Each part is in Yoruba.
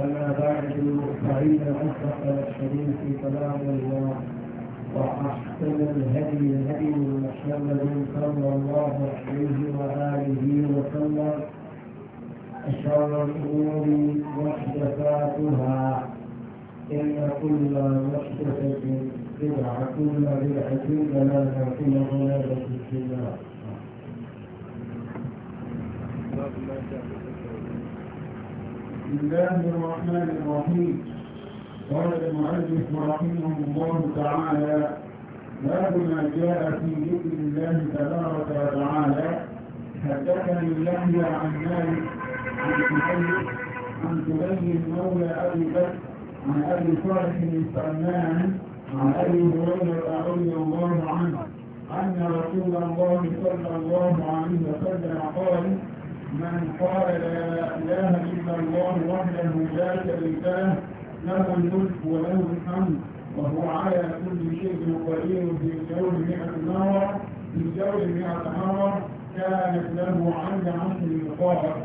أما بعد فإن أصدق الحديث كلام الله وأحسن الهدي هدي محمد صلى الله عليه وآله وسلم شر الأمور محدثاتها إن كل محدثة بدعة كل بدعة ضلالة كل ضلالة في النار. بسم الله الرحمن الرحيم قال المؤلف رحمه الله تعالى باب ما جاء في ذكر الله تبارك وتعالى حدثني يحيى عن مالك عن سهيل عن سبي مولى ابي بكر عن ابي صالح السمان عن ابي هريره رضي الله عنه ان رسول الله صلى الله عليه وسلم قال من قال لا إله إلا الله وحده لا شريك له له الملك وله الحمد وهو على كل شيء قدير في جو مئة نار في جو مئة نار كانت له عند عشر نقار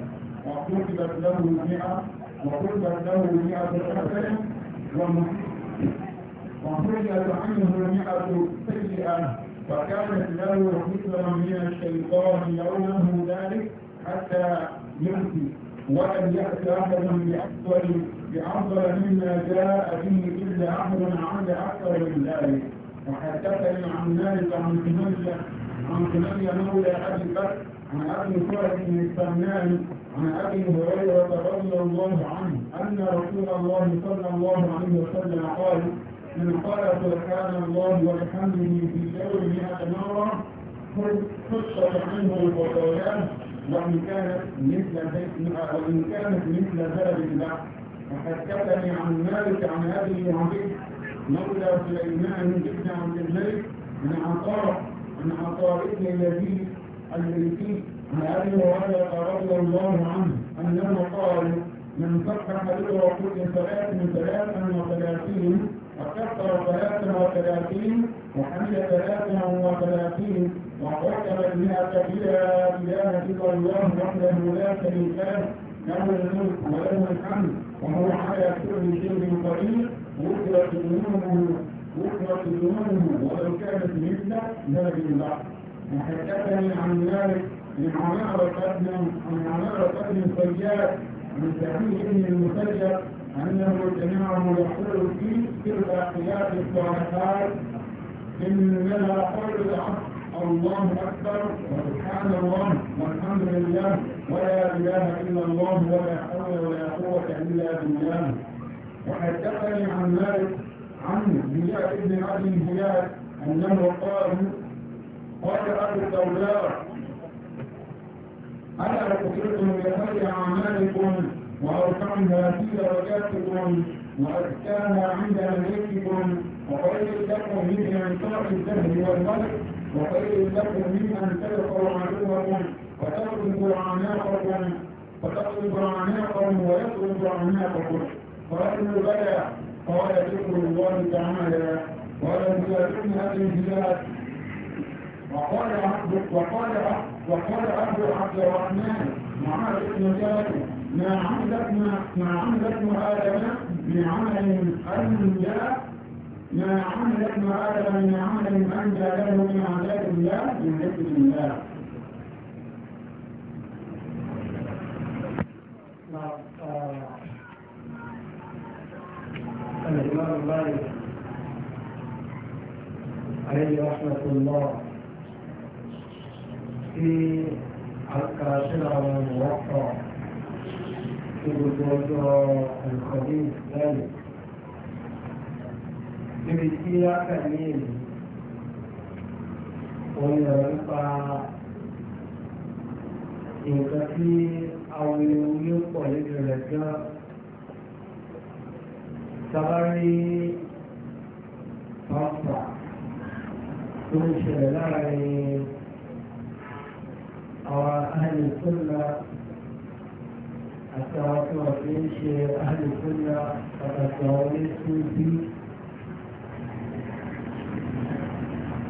وكتبت له مئة وكتبت له مئة حسنة ومحيت عنه مئة سيئة فكانت له حكما من الشيطان يومه ذلك حتى يمسي ولم يأت أحد بأفضل بأفضل مما جاء به إلا أحد عمل أكثر من ذلك وحدثني عن ذلك عن ثمانية عن ثمانية مولى أبي بكر عن أبي سعد بن السمان عن أبي هريرة رضي الله عنه أن رسول الله صلى الله عليه وسلم قال من قال سبحان الله وبحمده في اليوم مئة مرة حشت عنه الخطايا وإن كانت مثل وإن كانت مثل بلد البحر وحدثني عن مالك عن أبي وعبيد مولى سليمان بن عبد الملك عن عطاء عن عطاء بن الذي الملكي عن أبي هريرة رضي الله عنه أنه قال من فتح حديث رسول ثلاث من ثلاثا وثلاثين وكفر ثلاثة وثلاثين وحمل ثلاثة وثلاثين وقدم بها كبيرا إله إلا الله وحده لا شريك له له الملك وله الحمد وهو على كل شيء قدير غفرت ذنوبه غفرت ذنوبه ولو كانت مثل ذلك البحر وحدثني عن ذلك من عمارة بن عن عمارة بن الصياد من سعيد بن المسجد أنه جميعهم يقول في سر أخلاق الصالحات إننا قول الله أكبر وسبحان الله والحمد لله ولا إله إلا الله ولا حول ولا قوة إلا بالله وحدثني عن مالك عن زياد بن أبي زياد أنه قال قال أبو الدولار أنا أخبركم بخير عن مالك وأرفعها في درجاتكم وأزكاها عند ملككم وخير لكم من أنفاع الدهر والملك وخير لكم من أن تلقوا عدوكم وتغلبوا أعناقكم فتغلب أعناقهم ويغلب أعناقكم فأهل بلى قال ذكر الله تعالى ولم يكن هذه البلاد وقال عبد وقال عبد وقال عبد عبد الرحمن معاذ بن جبل ما عملت ما عملتنا آدم من عمل أنجى ما عملتنا آدم من عمل أنجى له من عذاب الله من ذكر الله الإمام مالك عليه رحمة الله tí a kà síra wọn wọ́pọ̀ tí gbogbo ọjọ́ ẹ̀kọ́ ní ìsìlẹ̀lì níbi tí a kà ní èyí òun yọ̀ nípa nǹkan tí àwọn ilé pọ̀ lórí rẹ̀ gan sábárí pàápàá tó ń ṣẹlẹ̀ láàrin àwọn ahli sunna àti àwọn tí wọ́n fi ń ṣe ahli sunna pàtàkì àwọn oníṣẹ́ bí.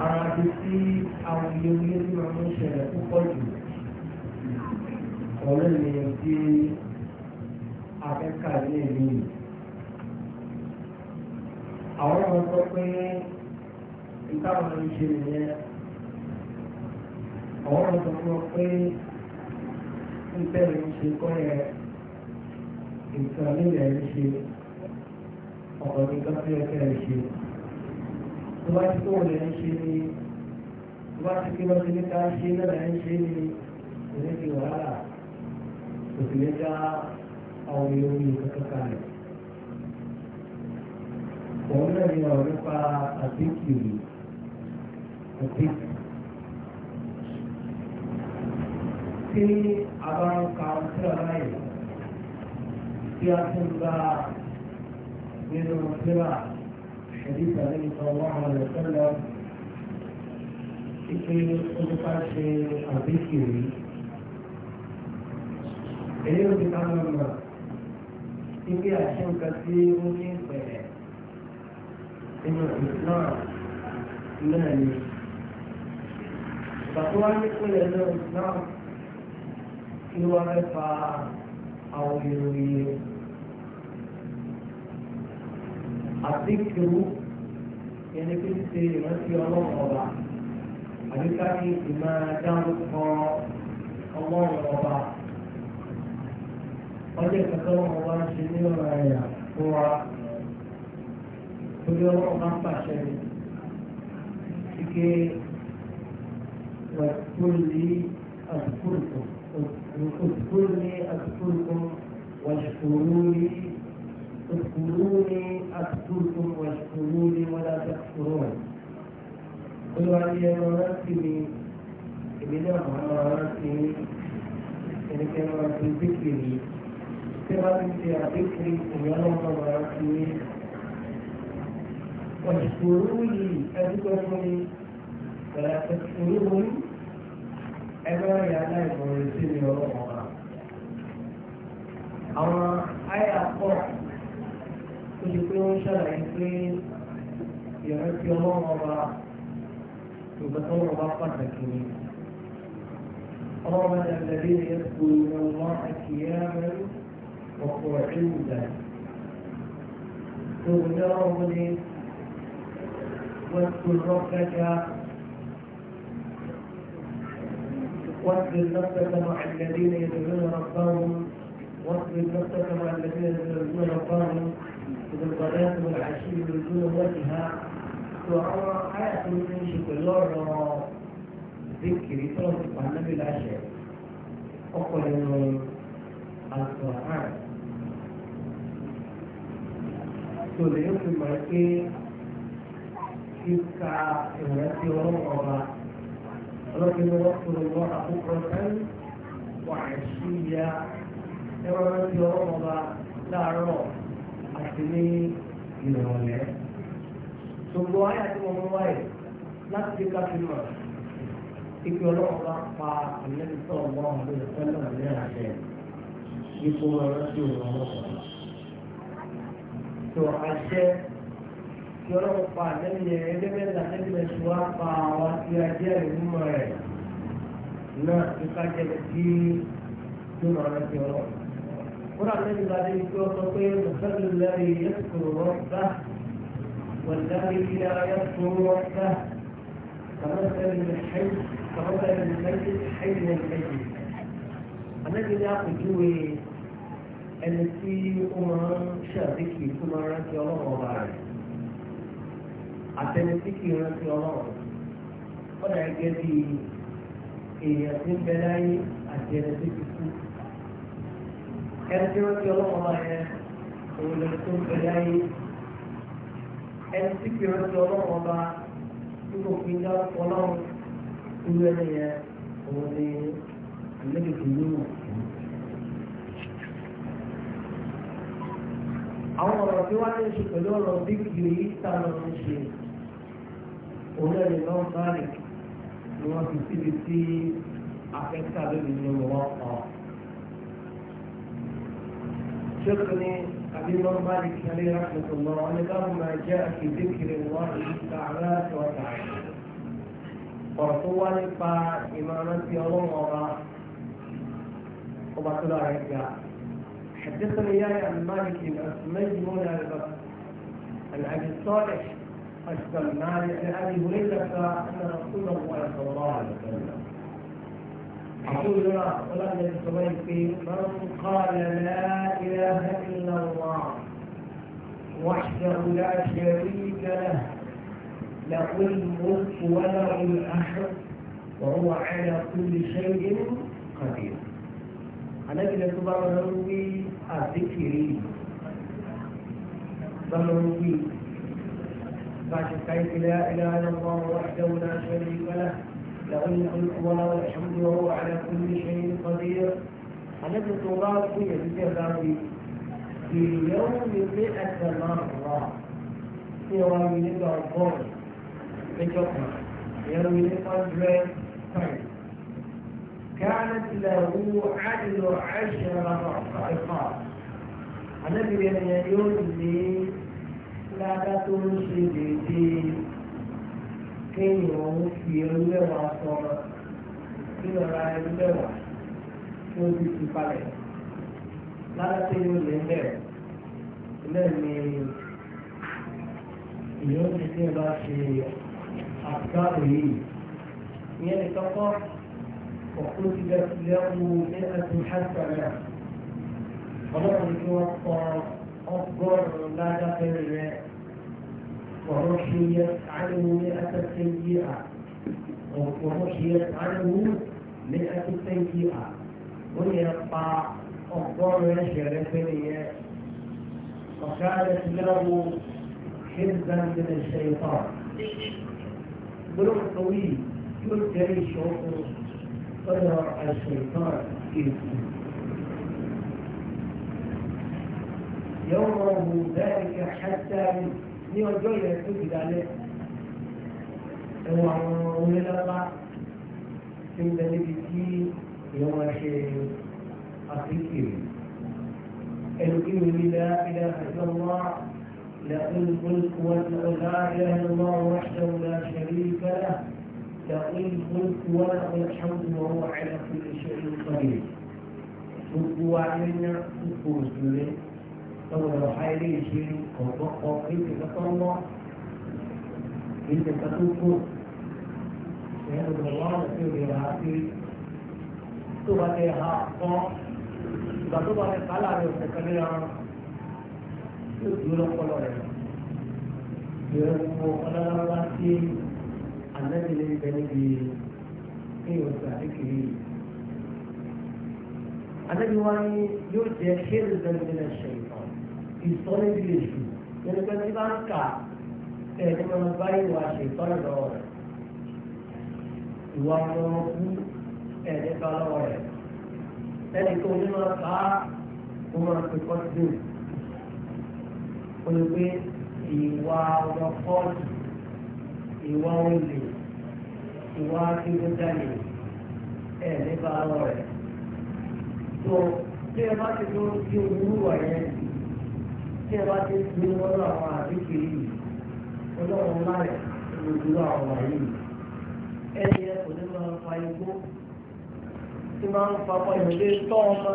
ara ti tí àwọn ilé onílé tí wọ́n ń ṣẹlẹ̀ púpọ̀ jù ọ̀rẹ́ mi tí akẹ́kọ̀ọ́ ilé mi. àwọn ọmọ sọ pé ìtàwọn ń àwọn ọ̀dọ́ wọn pé ń bẹ̀rẹ̀ ń ṣe kọ́ ẹ nǹkan nílẹ̀ ń ṣe ọ̀rọ̀ nǹkan tó yẹ kẹ́ ẹ ṣe tó bá ti kó wọlé ń ṣe ni tó bá ti kí wọ́n ti ní ká ṣe náà ń ṣe ni kò ní ti wàhálà kò sì ní ká àwọn èèyàn yìí kankan kalẹ̀. òun náà ni ọ̀rọ̀ nípa àbíkì àbíkì. tí a bá ń ka síra báyìí tí a ti ń bá nínú síra ṣèlítà lẹ́yìn tó wọ́n àwọn ẹ̀sẹ̀ lọ ike olùkọ́ ṣe àbíkiri èyí ò ti ká mọ̀mọ́ ike àṣẹ nǹkan tí ó ní ìpẹ̀lẹ̀ nínú ìsìláà náà ni. Bàbá wa ní pẹ̀lẹ́ náà ìsìláà kí ló wá fẹ́ fa àwọn ìròyìn àti kìrú ẹni tí ń ṣe ìrántí ọlọ́run ọba àbíká ní ìmọ̀ dáhùn kan ọlọ́run ọba ọjọ́ ìkàtọ́ ọlọ́run ọba ń ṣe nínú ẹ̀yà fún wa torí ọlọ́run bá ń pàṣẹ ní kíké wẹ̀kúlì àdúgbò اذكرني أذكركم واشكروني اذكروني أذكركم واشكروني ولا تكفرون قل علي مراتبي بلا مراتبي إنك مراتب ذكري تغلب في ذكري ويلا مراتبي واشكروني أذكروني ولا تكفروني ẹgbẹ́ ìyá náà ìmọ̀ràn sí ni ọ̀rọ̀ ọ̀la. Àwọn àyà pọ̀ tó di pé ó ń ṣàlàyé pé ìrántí ọlọ́run ọba ìgbà tó wọ́n bá pàtàkì ni. Ọlọ́run ẹ̀dá ìdàdí ni ẹ̀kú ìrànlọ́ àti ìyá ọ̀pọ̀ ìlú dà. Tòun ní ọlọ́run ní wọ́n tó rọ́kẹ́jà. واصبر نفسك مع الذين يدعون ربهم واصبر نفسك مع الذين يدعون ربهم بالغداة والعشي يريدون وجهها وعمر حياة من الله ذكر ترتب عن النبي العشاء أقول القرآن تولي يوم الملكي يبقى يوم الأربعاء ọlọ́run ni wọ́n kúrò wọ́n àkókò kan wà sí ya ẹ̀rọ rántí ọlọ́run ọba láàárọ̀ àti ní ìrọ̀lẹ́. gbogbo ayé àti wọn wọ́n wáyé láti fi ká fi mọ̀ ibi ọlọ́run ọba pa ìlẹ́sọ̀ ọmọ ọ̀hún lórí ìfẹ́lẹ́ ọ̀lẹ́ àṣẹ ipò ọ̀rọ̀ tí òun ọlọ́run ọba. tó àṣẹ. tí ọlọ́run pa àtẹ́bí yẹn ẹgbẹ́ mẹ́ta àtẹ́bí yẹn ti wá pa àwọn tí a jẹ́ ìrúmọ̀ rẹ̀ náà tó ká jẹ́ kí tó máa rẹ̀ ti ọlọ́run. wọ́n àtẹ́bí bá dé ikú ọkọ pé mọ̀sálù lẹ́rì yẹ́sùkùrù rọ́ọ̀tà wọ̀lẹ́rì ilẹ̀ yẹ́sùkùrù rọ́ọ̀tà kàmọ́sẹ̀lì lẹ́yìn kàmọ́sẹ̀lì lẹ́yìn lẹ́yìn àtẹ́bí ní àpèjúwe ẹni tí ó máa ń ṣàdékì tó máa rántí ọlọ́run ọba rẹ̀. àtẹnusí kì í rántí ọlọ́run ọ̀dà gẹ́gẹ́ bí èèyàn tí ń bẹ láyé àti ẹni tí ti kú ẹni tí rántí ọlọ́run bá yẹn òun lè tó ń bẹ láyé ẹni tí kì í rántí ọlọ́run bá tí kò fi dá ọlọ́run irú ẹni yẹn òun ni àlejò yóò àwọn ọ̀rọ̀ tí wọ́n á ní ṣe pẹ̀lú ọ̀rọ̀ bí kìí tá a lọ ṣe. òun náà ni lọ́wọ́ malik ni wọ́n fi síbi tí afẹ́ká lóbi ní wọ́n شكرني أبي بن مالك عليه رحمة الله قال ما جاء في ذكر الله تعالى وتعالى ورسوله نبا إمامة يوم وراء وبعد ذلك حدثني يا عن مالك الأسمي هنا عن أبي الصالح أشبه ما لأبي هريرة أن رسول الله صلى الله عليه وسلم يقول لنا ولم في من قال لا إله إلا الله وحده لا شريك له له الملك وله الأحد وهو على كل شيء قدير أنا إذا تبارك الذكري بل بعد التعريف لا إله إلا الله وحده لا شريك له له الملك وله الحمد وهو على كل شيء قدير النبي صلى الله عليه وسلم في يوم مئة مرة في يوم مئة مرة يوم مئة مرة كانت له عدل عشر رقائق النبي يوم مئة ládá tó ń ṣe dédé kéèyàn ń fi ewúrẹ́wà sọ̀rọ̀ nínú ra ewúrẹ́wà tó ti fi palẹ̀ ládá tó yóò lè ń bẹ̀rẹ̀ ìyóò ti tí bá ṣe àtúntà èyí ìyẹn nìkan kọ́ ọ̀pọ̀ ti lẹ́kùn ní ẹ̀sìn hàṣà náà ọlọ́run ni wọ́n kọ́ ọ. أصبر لا دخل ورحيت عنه مئة سيئة ورحيت عنه مئة سيئة ويقطع نشر شرفية وكانت له حزبا من الشيطان بروح طويل جريش الشوق قدر الشيطان فيه يومه ذلك حتى يوم ọjọ́ ilẹ̀ tó ti dalẹ̀ ẹ̀wọ̀n àwọn onílọ́lá tí ń bẹ níbi tí èèyàn لأن الملك ولا إله إلا الله وحده لا شريك له لأن الملك وله الحمد وهو على كل شيء قدير. تبوا علينا تبوا مسلمين saboda alhairi shi ko kai ka farko inda ka tuko sai da Allah da sai da rafi to ba dai ha ko ba to ba ne kala ne ta kare ya to duro ko lo ne ya ko ala wa ti annabi ne da ne bi kai wata take annabi wani yau da shirin da ìsọ́nìbí èṣù nínú ele tí bá ń é ẹni máa bá ìwà ṣe ìtọ́nà lọ́wọ́ rẹ̀ ìwà ọmọ é de bá lọ́wọ́ rẹ̀ ẹni tó ní máa bá ó máa fi kọ́ sí òun ó lè pé ìwà ọmọ fọ́ọ̀tù ìwà olè ìwà akéwéjálè ẹni bá lọ́wọ́ rẹ̀ tó bí ẹ bá ti tó kí olúwa tí bá ti gbé lọ́dọ̀ àwọn àdékè yìí ọlọ́run láì lójúlọ́ àwọn yìí ẹni ẹ kò ní máa fa igbó tí máa ń fa ọmọ ìrọ̀lẹ́ tọ́ ọmọ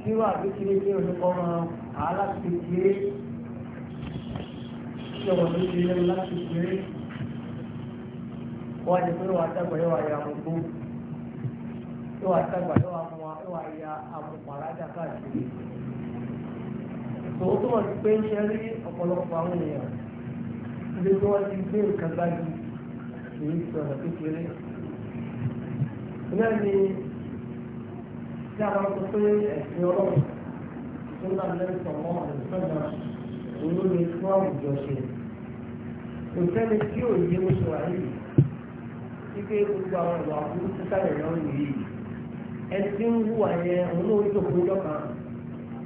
kí wọ́n àdékè ní olùkọ́ máa hà tí ọmọ tó ti lẹ́nu láti wọ́n á ti pé wọ́n á dàgbà yóò wá ya àmúgbó yóò wá dàgbà yóò wá ya àmupàrádà káàkiri tòun tó wọ́n ti pé ń ṣe rí ọ̀pọ̀lọpọ̀ àwọn èèyàn ilé tí wọ́n ti gbé nǹkan báyìí kìí sọ̀rọ̀ kékeré. Ìyá mi tí a máa sọ pé ẹ̀sìn ọlọ́run tó ń láti lẹ́yìn sọ̀mọ́ àìsàn olómi fún àwùjọ ṣe. Kò sẹ́ni tí ò yé oṣù àyè tí pé gbogbo àwọn ìwà burúkú sáré lọ́rùn yìí. Ẹni tí ń hùwà yẹn òun náà ń jòkó lọ́kàn.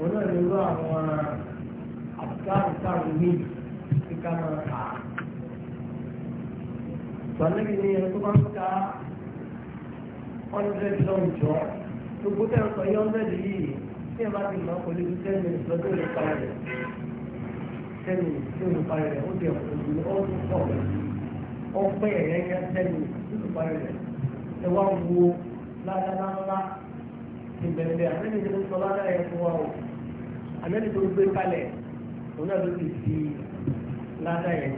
òun náà ní irú àwọn àbùkárù káàrún ní kíkà máa kà á. Bàlẹ́bí ni ẹni tó máa ń ka hundred lọ́n jọ gbogbo tẹ̀ ń sọ yí hundred yìí tí ẹ bá ti mọ̀ kò lè fi ten minutes lọ́dún òní parí rẹ̀ ten minutes tí òní parí rẹ̀ ó di ọ̀pọ̀lọpọ̀ ní ọdún pọ̀ ọpẹ́ ẹ̀yẹ́yẹ́ ten minutes tí òní parí rẹ̀ ẹ wá wo ládàá ńlá ti bẹ̀rẹ̀ àmẹ́ni tó ń sọ lára ẹ̀ fún wa o àmẹ́ni tó ń gbé kalẹ̀ òun náà ló ti fi lára ẹ̀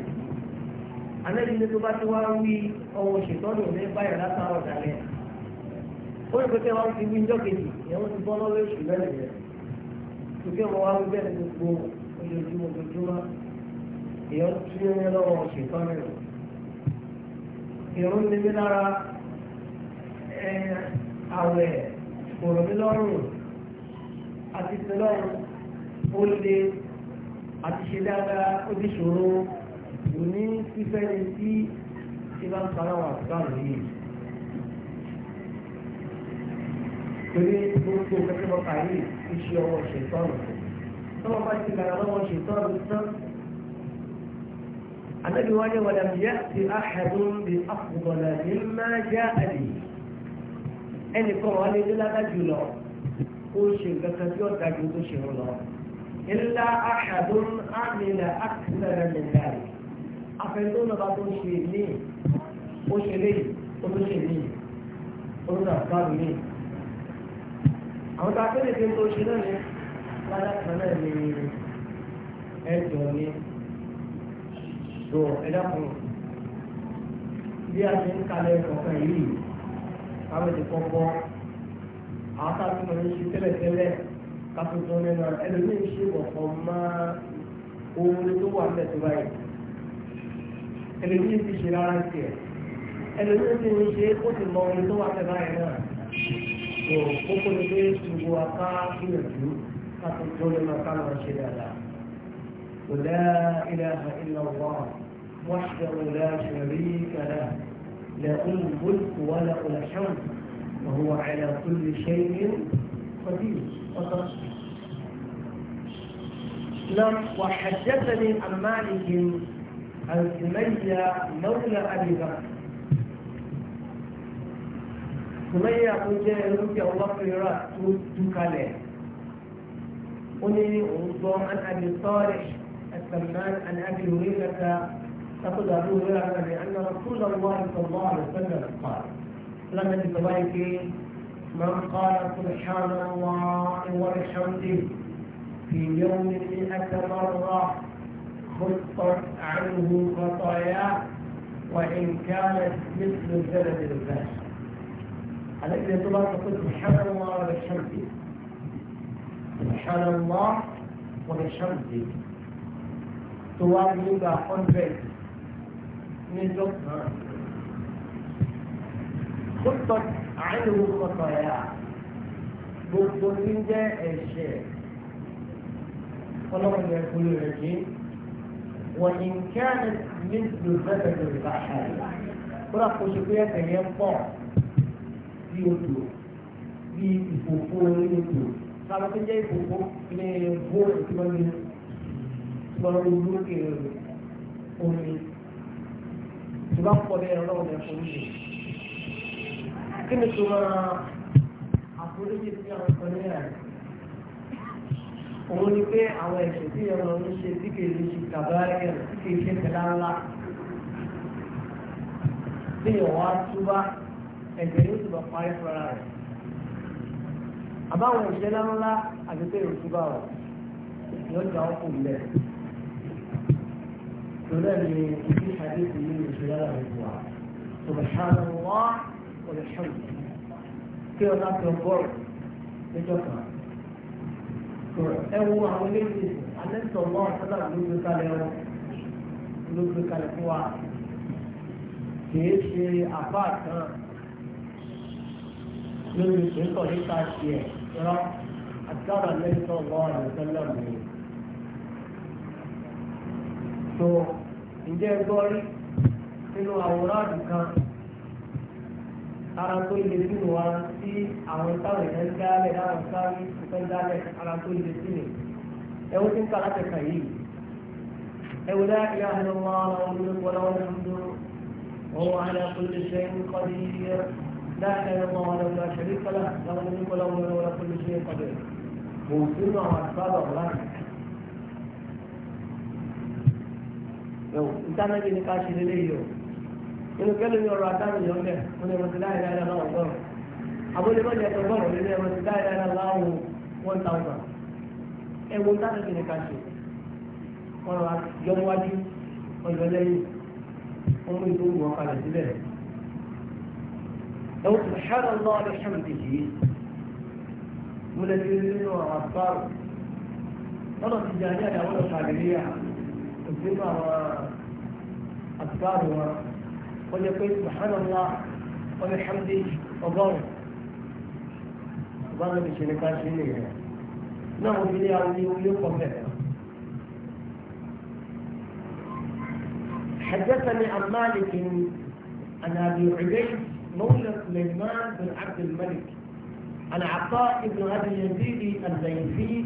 àmẹ́ni tó bá ti wá wí ọ̀hún ṣètọ́nù ní báyọ̀ látàrọ̀ dalẹ̀ ó yẹ kó tẹ́ wọ́n ti wí ńjọ́ kejì ìyẹn wọ́n ti bọ́ lọ́wọ́ èṣù lẹ́nu rẹ̀ tòkí ọmọ wa wí bẹ́ẹ̀ gbogbo ojoojúmọ́ ojoojúmọ́ ìyẹn tún ní lọ́wọ́ ṣètọ́nù ìrún kòrò mi lọ́rùn àti tẹlọ́rùn ó lé àti ṣe dáadáa ó ti ṣòro kò ní fífẹ́ ni tí ṣe bá ń parọ́ wà báwọn yìí. torí gbogbo kẹ́kẹ́ bọ́ kàyé iṣẹ́ ọwọ́ ṣètọ́nù tọ́wọ́ bá ti kàrà lọ́wọ́ ṣètọ́nù tán. النبي وجه ولم يأت أحد بأفضل مما جاء به ẹnìkan wọn lè dé ládájú lọ ó ṣe nǹkan kan tí ọ̀dà ju tó ṣe lọ. ilá àṣàdó àmìlà àkìsẹ̀rẹ̀ nìgbà rẹ̀ afẹ́ńtó lọ́ba tó ṣe ní ó ṣe léyìí ó tó ní orúkọ ní. àwọn tá a fẹ́ lè tó ṣe náà ní ládàkàn ní ẹjọ́ ní tó ẹ̀dá kan bí a ṣe ń kalẹ̀ ọ̀kan yìí káwọn èdè kan bọ́ àwọn táwọn tó ń ṣe tẹ́lẹ̀tẹ́lẹ̀ káfí tó ní náà ẹlòmíì ń ṣe wọ̀kọ̀ máa ohun tó wà nílẹ̀ tó báyìí ẹlòmíì ti ṣe rárá tiẹ̀ ẹlòmíì ti ń ṣe ó ti mọ ohun tó wà nílẹ̀ báyìí náà tó kókó ni pé gbogbo aká gbìyànjú káfí tó ní náà káwọn ṣe dáadáa. ولا إله إلا الله وحده لا شريك له لا ملك ولا وله الحمد وهو على كل شيء قدير فقط نعم وحدثني عن مالك عن سمية مولى أبي بكر سمية كنت يرجع الله في رأس تكالي أني أنظر عن أبي صالح السمان عن أبي هريرة تقول أبو هريرة لأن رسول الله صلى الله عليه وسلم قال لم تبايك من قال سبحان الله وبحمده في يوم مئة مرة خطت عنه خطاياه وإن كانت مثل الزلد الفاشل عليك أن تقول سبحان الله وبحمده سبحان الله وبحمده تواجه 100 níjọ́ kan ó tọ́ àìlèwò kọ̀tọ̀ yà gbogbo tí ń jẹ́ ẹ̀ṣẹ̀ ọlọ́run yẹn kúlù rẹ̀ kí wọ́n ní kí á ní ní ìlú bẹ́ẹ̀ bẹ́ẹ̀ bá ṣe àyà kódà kó ṣe pé ẹ̀sẹ̀ yẹn pọ̀ bí odò bí ìfòfó orí odò sábà tó jẹ́ ìfòfó ní bó ìtumọ̀ ní ìtumọ̀ ní olókè omi tí bá pọ̀ bẹ́ẹ̀ ọlọ́run ẹ̀ fún mi. kí ni tó máa àforíjì tí a sọ ní ẹ̀ òun ni pé àwọn ẹ̀sìn tí ẹ̀rọ ń ṣe tí kì í ṣe kàbáyé ẹ̀ tí kì í ṣe pẹ̀lá ńlá tí ìwọ̀n á túbá ẹ̀jẹ̀ yóò túbọ̀ parí fúnra rẹ̀ àbáwọn ìṣẹ́lá ńlá àti pé òtúbà ọ̀ yóò gbà ó kù lẹ̀. فلان في حديث من خلال الرضوع سبحان الله والحمد كي وضع تنقر لتقرأ ẹwọ àwọn méjì alẹ́sọ̀ náà sábà ló gbé kalẹ̀ ọ ló gbé kalẹ̀ fún wa kìí ṣe àbá kan lórí ìpínkọ̀ nípa tiẹ̀ rán àti káwọn alẹ́sọ̀ náà lọ́sẹ̀ náà lòó tó ǹjẹ́ gbọ́ rí nínú àwòrán àdùkan ara tó le sínú wa tí àwọn táwọn èèyàn ń dálẹ̀ láwọn sáré tó ń dálẹ̀ ara tó le sínú ẹ wo ti ń kàlá kẹkà yìí ẹ wo dá ilé ahọ́n wọn àwọn olùkọ́ láwọn ń dúró wọn wà ní akóso ṣe ń kọ́ ní yíyẹ dá ilé wọn wọn lọ́wọ́ ṣẹlẹ̀ kọ́lá láwọn olùkọ́ láwọn lọ́wọ́ kọ́lé ṣe ń kọ́ bẹ̀rẹ̀ kò sínú àwọn àtúbà bàbá rẹ̀. ẹ̀wọ̀ ìtànàbí ní ká ṣe lélẹ́ yìí o nínú kẹ́lẹ́ ní ọ̀rọ̀ àtàwọn èèyàn bẹ̀ wọ́n ní ẹ̀mọ́tí láì láì láwọn ọgọ́rùn àbúlé wọ́n ní ẹ̀tọ́ gbọ́rọ̀ nínú ẹ̀mọ́tí láì láì láwọn one thousand ẹ̀wọ̀ ìtànàbí ní ká ṣe ọ̀rọ̀ yọmọwájú ọ̀yọ́ lẹ́yìn wọ́n mú ìtò wọn kalẹ̀ síbẹ̀ ẹ̀wọ̀ subhanallah alhamdulilayi mo lè fi nínú àwọn àbúrò ọ̀nà tìjà ní الذكر والأذكار وقل سبحان الله والحمد وبر بر بشركات شنية نعم بلي عندي وليق حدثني عن مالك عن ابي عبيد مولى سليمان بن عبد الملك عن عطاء بن ابي يزيد الزيفي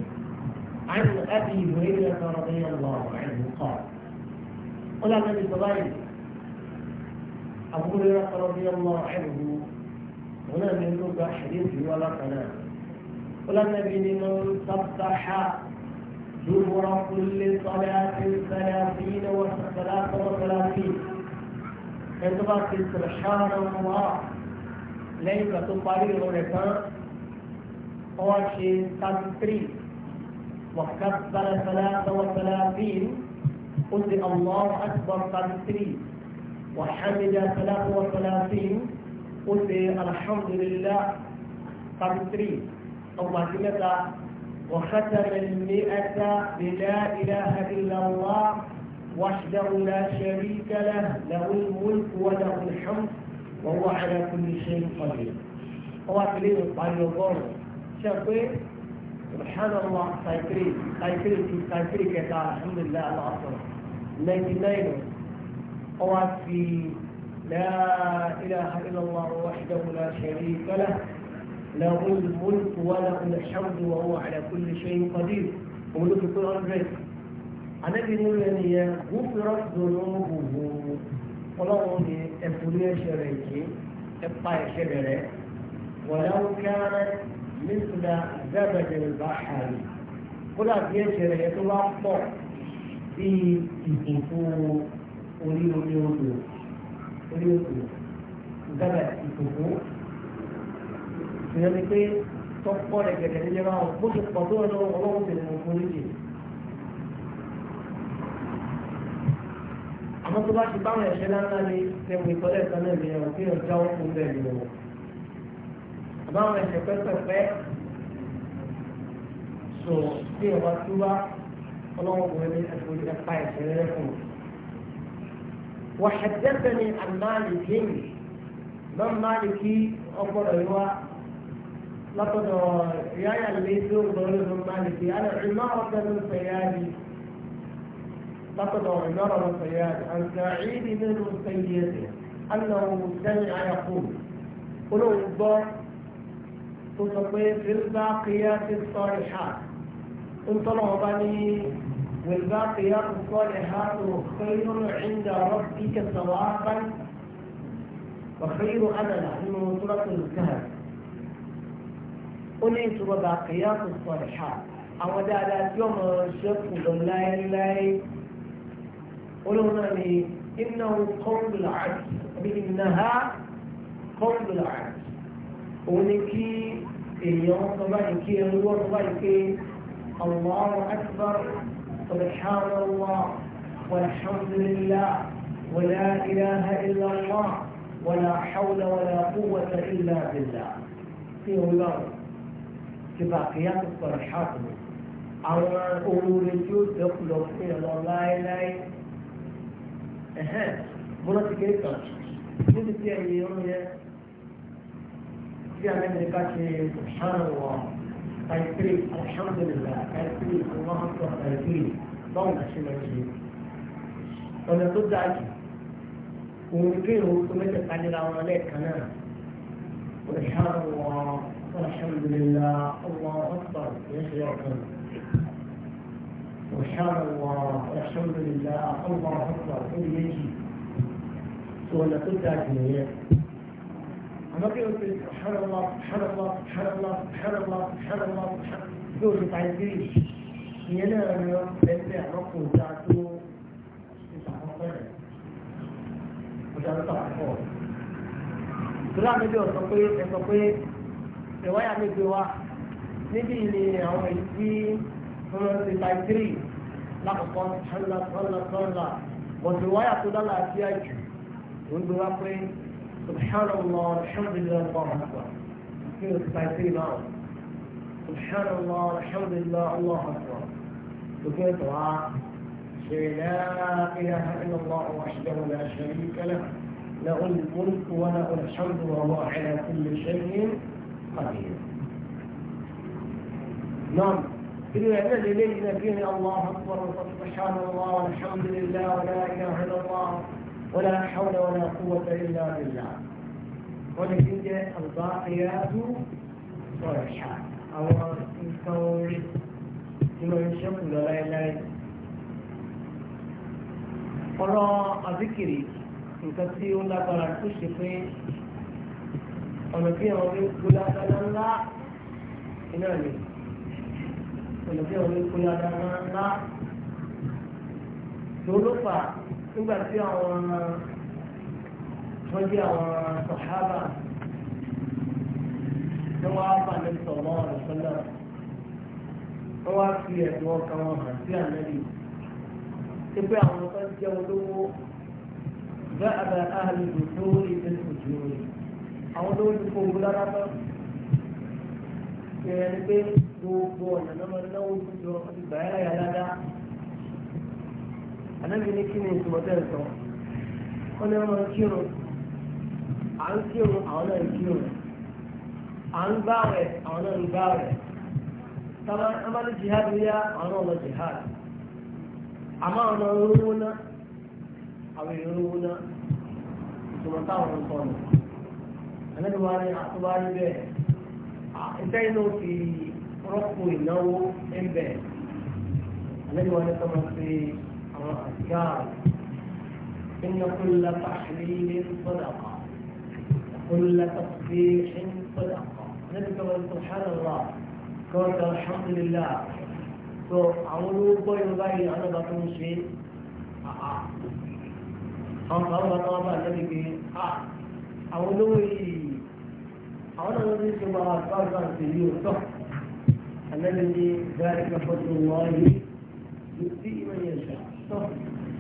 عن ابي هريره رضي الله عنه قال قل النبي صلى الله عليه وسلم أبو هريرة رضي الله عنه هنا من لغة حديث ولا كلام قل النبي من سبح دبر كل صلاة ثلاثين وثلاثة وثلاثين عندما سبحان الله ليس تطالب هناك أو شيء تنتري وكبر ثلاثة وثلاثين قلت الله أكبر 33 وحمد 33 قلت الحمد لله 33 أو بعد وختم المئة بلا إله إلا الله وحده لا شريك له له الملك وله الحمد وهو على كل شيء قدير هو طيب الظهر شافوا سبحان الله سايكري سايكري سايكري كذا الحمد لله الله ninety nine ọwọ́ fi la ilaha illallah wahdahu la sharika lahu له الملك وله الحمد وهو على كل شيء قدير وملك كل أرض anabi ní ìlú ẹni yẹn gúfúrọ́ dòdò gbogbo ọlọ́run ní ẹ̀fúrí ẹ̀ṣẹ̀ rẹ̀ yìí ẹ̀pa ẹ̀ṣẹ̀ rẹ̀ wọ̀láwó kára mísúdà dábàjẹ̀ bá ààrẹ kódà bí bí ìsìnkú orí omi odò orí odò gbàgbà ìsìnkú ìyẹn ni pé tọ́pọ̀ rẹ̀ gẹ̀gẹ̀ níjẹ́ máa ń bó ti pọ̀ tó ọ̀nà ọlọ́run tẹ̀lé mọ̀ fún oríṣi. àmọ́ tó bá ti bá àwọn ẹ̀ṣẹ̀ lánàá ní ẹ̀wọ̀n ìtọ́lẹ̀ kan náà ní ẹ̀wọ̀n kí wọ́n já wọn bẹ́ẹ̀ ni wọ́n. àbáwọn ẹ̀ṣẹ̀ pẹ́pẹ́pẹ́ sọ bí ọba أسود سيكون وحدثني عن مالك من مالكي أبو أيوة لقد يا يعني سوق من مالكي أنا عمارة من سيادي لقد عمارة من سيادي عن سعيد من سيدي أنه سمع يقول قلوا الضر تصطيب في الباقيات الصالحات انطلعوا بني والباقيات الصالحات خير عند ربك ثوابا وخير املا من سوره الكهف قل انت وباقيات الصالحات او دالات يوم الشرك لا اله قلنا لي انه قوم العبد بانها قوم العبد ونكي اليوم طبعا كي الله اكبر سبحان الله والحمد لله ولا إله إلا الله ولا حول ولا قوة إلا بالله في أولاد في باقيات الفرحات أولا أمور الجود دخلوا في الله إليه أها مرات كيف تشعر كيف تعمل يوم يا سبحان الله تايترين الحمد لله تايترين الله أكبر تايترين ضم أشي ماشي ولا ضد أشي وممكن تمتك على العمليات كمان والحمد الله والحمد لله الله أكبر يشرع كمان وشاء الله والحمد لله الله أكبر كل يجي ولا كنت أجمعيه àmọ́ kí ló ṣe ṣàrọ̀lá ìyẹn náà ni wọ́n tẹ́lẹ̀ àrọ́pò ìjà tó ìtàkọ́fẹ́rẹ̀ ọjà ló tàkọ́ ìtura mi wa níbi ni àwọn èyí tí wọ́n ti ta سبحان الله الحمد لله الله أكبر في السبعين أو سبحان الله الحمد لله الله أكبر وفي دعاء لا إله إلا الله وحده لا شريك له له الملك وله الحمد وهو على كل شيء قدير نعم إذا أعلن إلينا فيه الله أكبر سبحان الله والحمد لله ولا إله إلا الله ولا حول ولا قوة إلا بالله ولكن الباقيات صالحات أو الكون لمن شكل لا إله ọ̀rọ̀ àzíkìrì nǹkan tí ó lágbára tó ṣe pé ọ̀nà tí àwọn ní kú ládàá ńlá iná ni ọ̀nà tí àwọn ní kú ládàá ńlá tó ló fà á nígbà tí àwọn wọ́n jẹ́ àwọn sọ̀hábà tí wọ́n á bá ní sọ̀rọ̀ ọ̀rẹ́sọ́lá wọ́n wá fi ẹ̀dùn ọkàn wọn hàn sí ànábì tí pé àwọn tó ń jẹ́ olówó bẹ́ẹ̀ àbẹ̀ àhàlì ìdòdó ìdè òjò rẹ̀ àwọn olówó ti fowó lára tán ìrẹ̀lẹ́ pé gbogbo ọ̀nà náà náwó jùlọ ọdún gbàyà yàrá dáa ànábì ní kí ni ìtumọ̀tẹ́ sọ ó ní ọmọ kírun à ń kírun àwọn náà ń kírun à ń gbá rẹ̀ àwọn náà ń gbá rẹ̀ tọ́lá ọmọ ní jihad yá àwọn náà lọ jihad àmọ́ àwọn náà ń ná àwọn èèyàn rówó ná ìtumọ̀tá àwọn ń sọnù ànábì wa ní àtúbá rí bẹ́ẹ̀ ìfẹ́ inú fi rọ́pò ìnáwó ń bẹ̀ ànábì wa ní sọ́mọ́ sí وأفكار إن كل تحليل صدقة كل تصبيح صدقة نذكر سبحان الله كوكا الحمد لله تو عمرو بوي بوي أنا بكون شيء آه أم أم بطابة النبي كي آه أولو أولا نبي كما أذكار في يوسف النبي ذلك فضل الله يؤتي من يشاء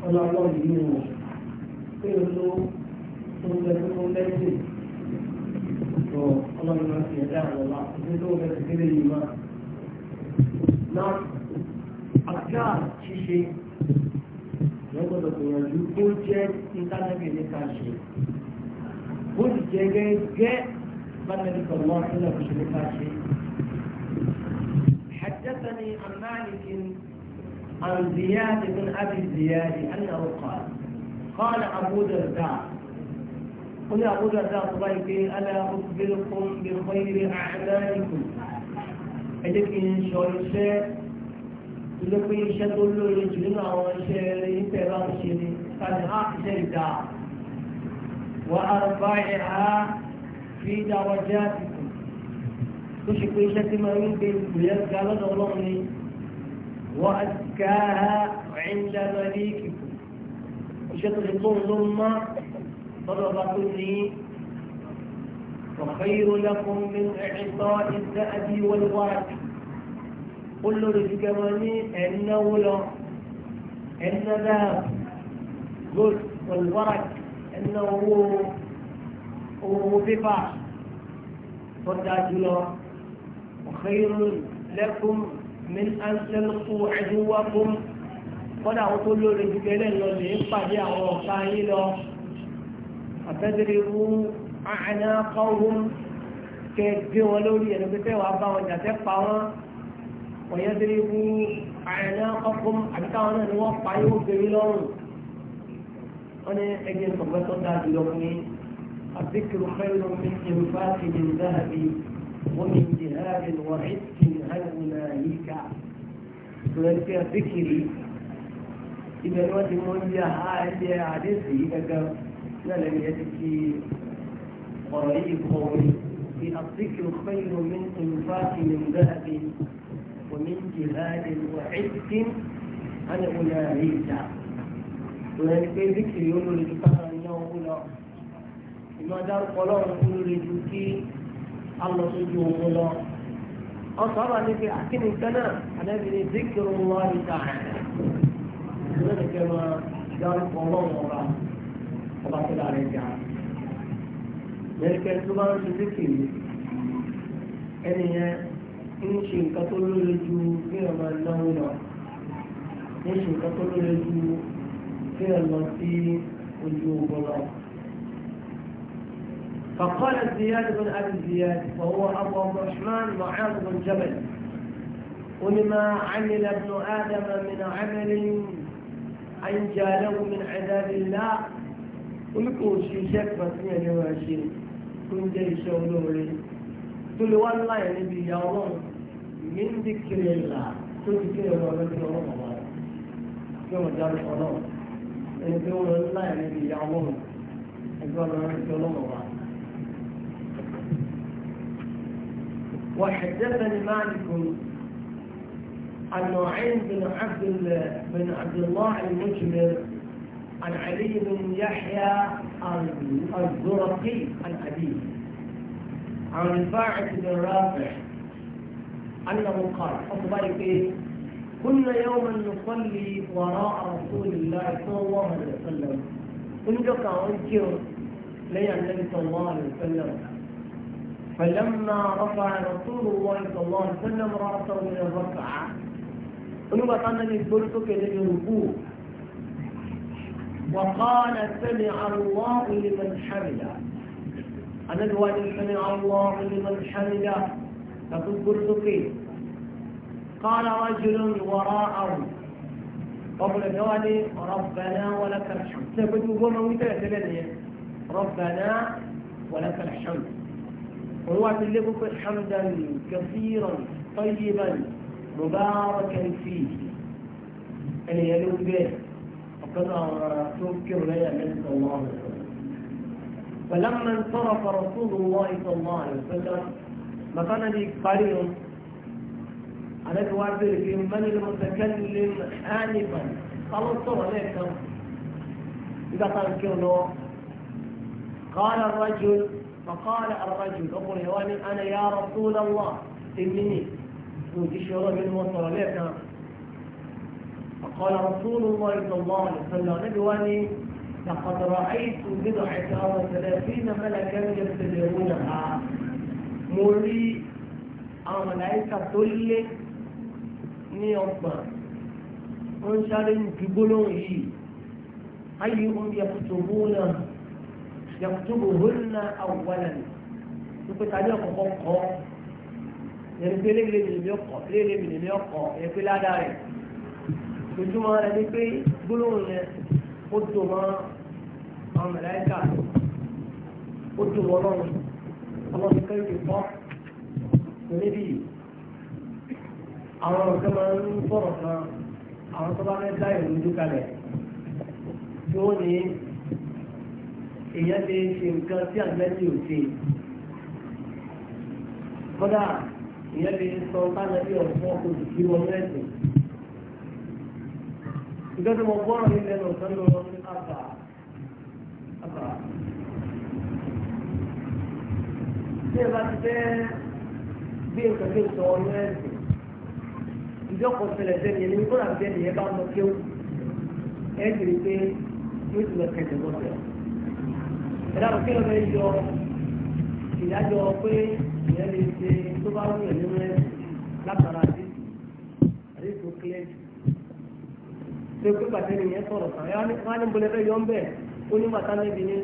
ọlọ́pọ̀ yìí wò pé o tó tó lẹ tó tó lẹ́sìn tó ọlọ́run máa fi ẹ̀dá àwọn ọba tó tó lẹ tó kéré yìí máa. na àgbà ṣíṣe ìyẹn gbọ́dọ̀ gbìyànjú kó jẹ́ íńtánẹ́ẹ̀tì ní ká ṣe ó sì jẹ́ gẹ́gẹ́ bá tẹ̀lé pẹ̀lú wọn sílẹ̀ عن زياد بن أبي زياد أنه قال قال أبو درداء قل أبو درداء طبيبي ألا أخبركم بخير أعمالكم أجد إن شاء الله لكي يشتغلوا يجلنا وشيري تباشري فالحق جيدا وأربعها في درجاتكم تشكي شتما يمكن يلقى الله وأزكاها عند مليككم شطر ثم صدقة وخير لكم من إعطاء الذهب والورق كل الكماني إنه لا إن ذهب قلت والورق إنه هو بفع فدعت له وخير لكم min an tẹ́lẹ̀kù àdúwà fún kọ́dà àwọn tó lóore jùlọ lọ lè ń pàdé àwọn ọ̀tá yín lọ àtẹ́tẹ́rẹ́ mú àná kọ́hún kẹ gbé wọn lórí ẹni pé tẹ́wàá bá wọn jàtẹ́ pa wọn ọ̀yẹ́tẹ́rẹ́ mú àná kọ́hún àbíkáwọn náà ni wọ́n pa yóò gbèrú lọ́rùn wọ́n ní ẹgbẹ́ ìsọ̀gbẹ́ tó dáa jùlọ fún yín àbíkìrù fẹ́ràn mi ìrùbá ti lè وازدهار وعتق عن أولئك ذلك ذكري إذا الوقت مولي هاي حديثي إذا قال لم يتكي قريب قومي في الذكر خير من إنفاق من ذهب ومن جهاد وعتق عن أولئك ذلك ذكري يقول لك أنه لا إما دار قلوب يقول لك alọ sójú ogun lọ ọsàn àbá ní pé àkíní kaná ànábì ní zikiru wọn ní tààrà ìwé nìkẹ́ máa dárúkọ ọlọ́run ọba ọba tó dára ẹja lẹ́yìn tó bá ń ṣe zikiri ẹni yẹn ń ṣe nǹkan tó lóore ju kí ẹ náwó lọ ń ṣe nǹkan tó lóore ju kí ẹ sí ojú ogun lọ. فقال زياد بن أبي زياد وهو أبو الرحمن معاذ بن جبل ولما عمل ابن آدم من عمل أنجاله من عذاب الله ولكم شيء شك مسني أنا شيء كنت يشاولوا لي قل والله يا نبي يا الله من ذكر الله تذكر الله الله كما قال الله أن تقول الله يا نبي يا الله أقول الله الله وحدثني مالك عن نوعين بن عبد بن عبد الله المجمر عن علي بن يحيى الزرقي الحديث عن رفاعة بن رافع أنه قال أخبرك إيه كنا يوما نصلي وراء رسول الله صلى الله عليه وسلم كنت وانكر لي النبي صلى الله عليه وسلم فلما رفع رسول الله صلى الله عليه وسلم رأسه من الركعة ثم قام بالبرتك للركوع وقال سمع الله لمن حمده أنا الوالي سمع الله لمن حمده فقل برتك قال رجل وراءه قبل الوالي ربنا ولك الحمد سيبدو بما ويتأتي ربنا ولك الحمد هو اللي بقول حمدا كثيرا طيبا مباركا فيه أن يعني يلو به وقد تذكر لي من الله فلما انصرف رسول الله صلى الله عليه وسلم مكان لي قليل على الوعد في من المتكلم آنفا قال الصور عليكم إذا تذكر له قال الرجل فقال الرجل أقول يواني أنا يا رسول الله إني وجيش يرى من مصر لك فقال رسول الله صلى الله عليه وسلم نبواني لقد رأيت بضع عشر وثلاثين ملكا يبتدعونها مري أو ملائكة تلي ni ọgbọ̀n ó ń sáré ju gbólóhùn yìí ayé oúnjẹ tuntun náà يكتبهن أولا يقول تعالى قوقو yẹnipẹ lébìlẹ mi ni ọkọ lébìlẹ mi ni ọkọ yẹnipẹ ládàá rẹ ojúmọ́ rẹ ni pé gbólóhùn rẹ ó dùn mọ́ àwọn mẹlẹka ó dùn mọ́ àwọn ọ̀sẹ̀ máa ń sọ̀rọ̀ kan àwọn tó bá fẹ́ dá tí wọ́n ní èèyàn lè ṣe nǹkan tí àgbẹ̀tì ò ṣe kódà èèyàn lè sọ tánàbí ọ̀fọ́ kò sì kí wọn mẹ́sìn ìjọ tí mo gbọ́rọ̀ ní lẹ́nu ọ̀sán ló lọ sí àbà àbà ẹ bá ti fẹ́ gbé nǹkan tó sọ ọ́ mẹ́sìn ìjọkọ̀ ṣẹlẹ̀ sẹ́ni ẹni kódà bẹ́ẹ̀ ni ẹ bá lọ kéwù ẹ jìrì pé yóò ti lọ kẹ̀kẹ́ lọ́sẹ̀ọ́. ìdáàbò kí ló fẹ́ yọ ìdájọ́ pé ìyẹn lè ṣe tó bá wúlò nínú ẹ látara àti àdéhùn kílẹ̀ ṣe pé bàtẹ́ ni ìyẹn sọ̀rọ̀ kan ẹ̀yà wọn á ní bọ́lẹ̀ fẹ́ yọ ń bẹ̀ ó ní bàtà níbi ní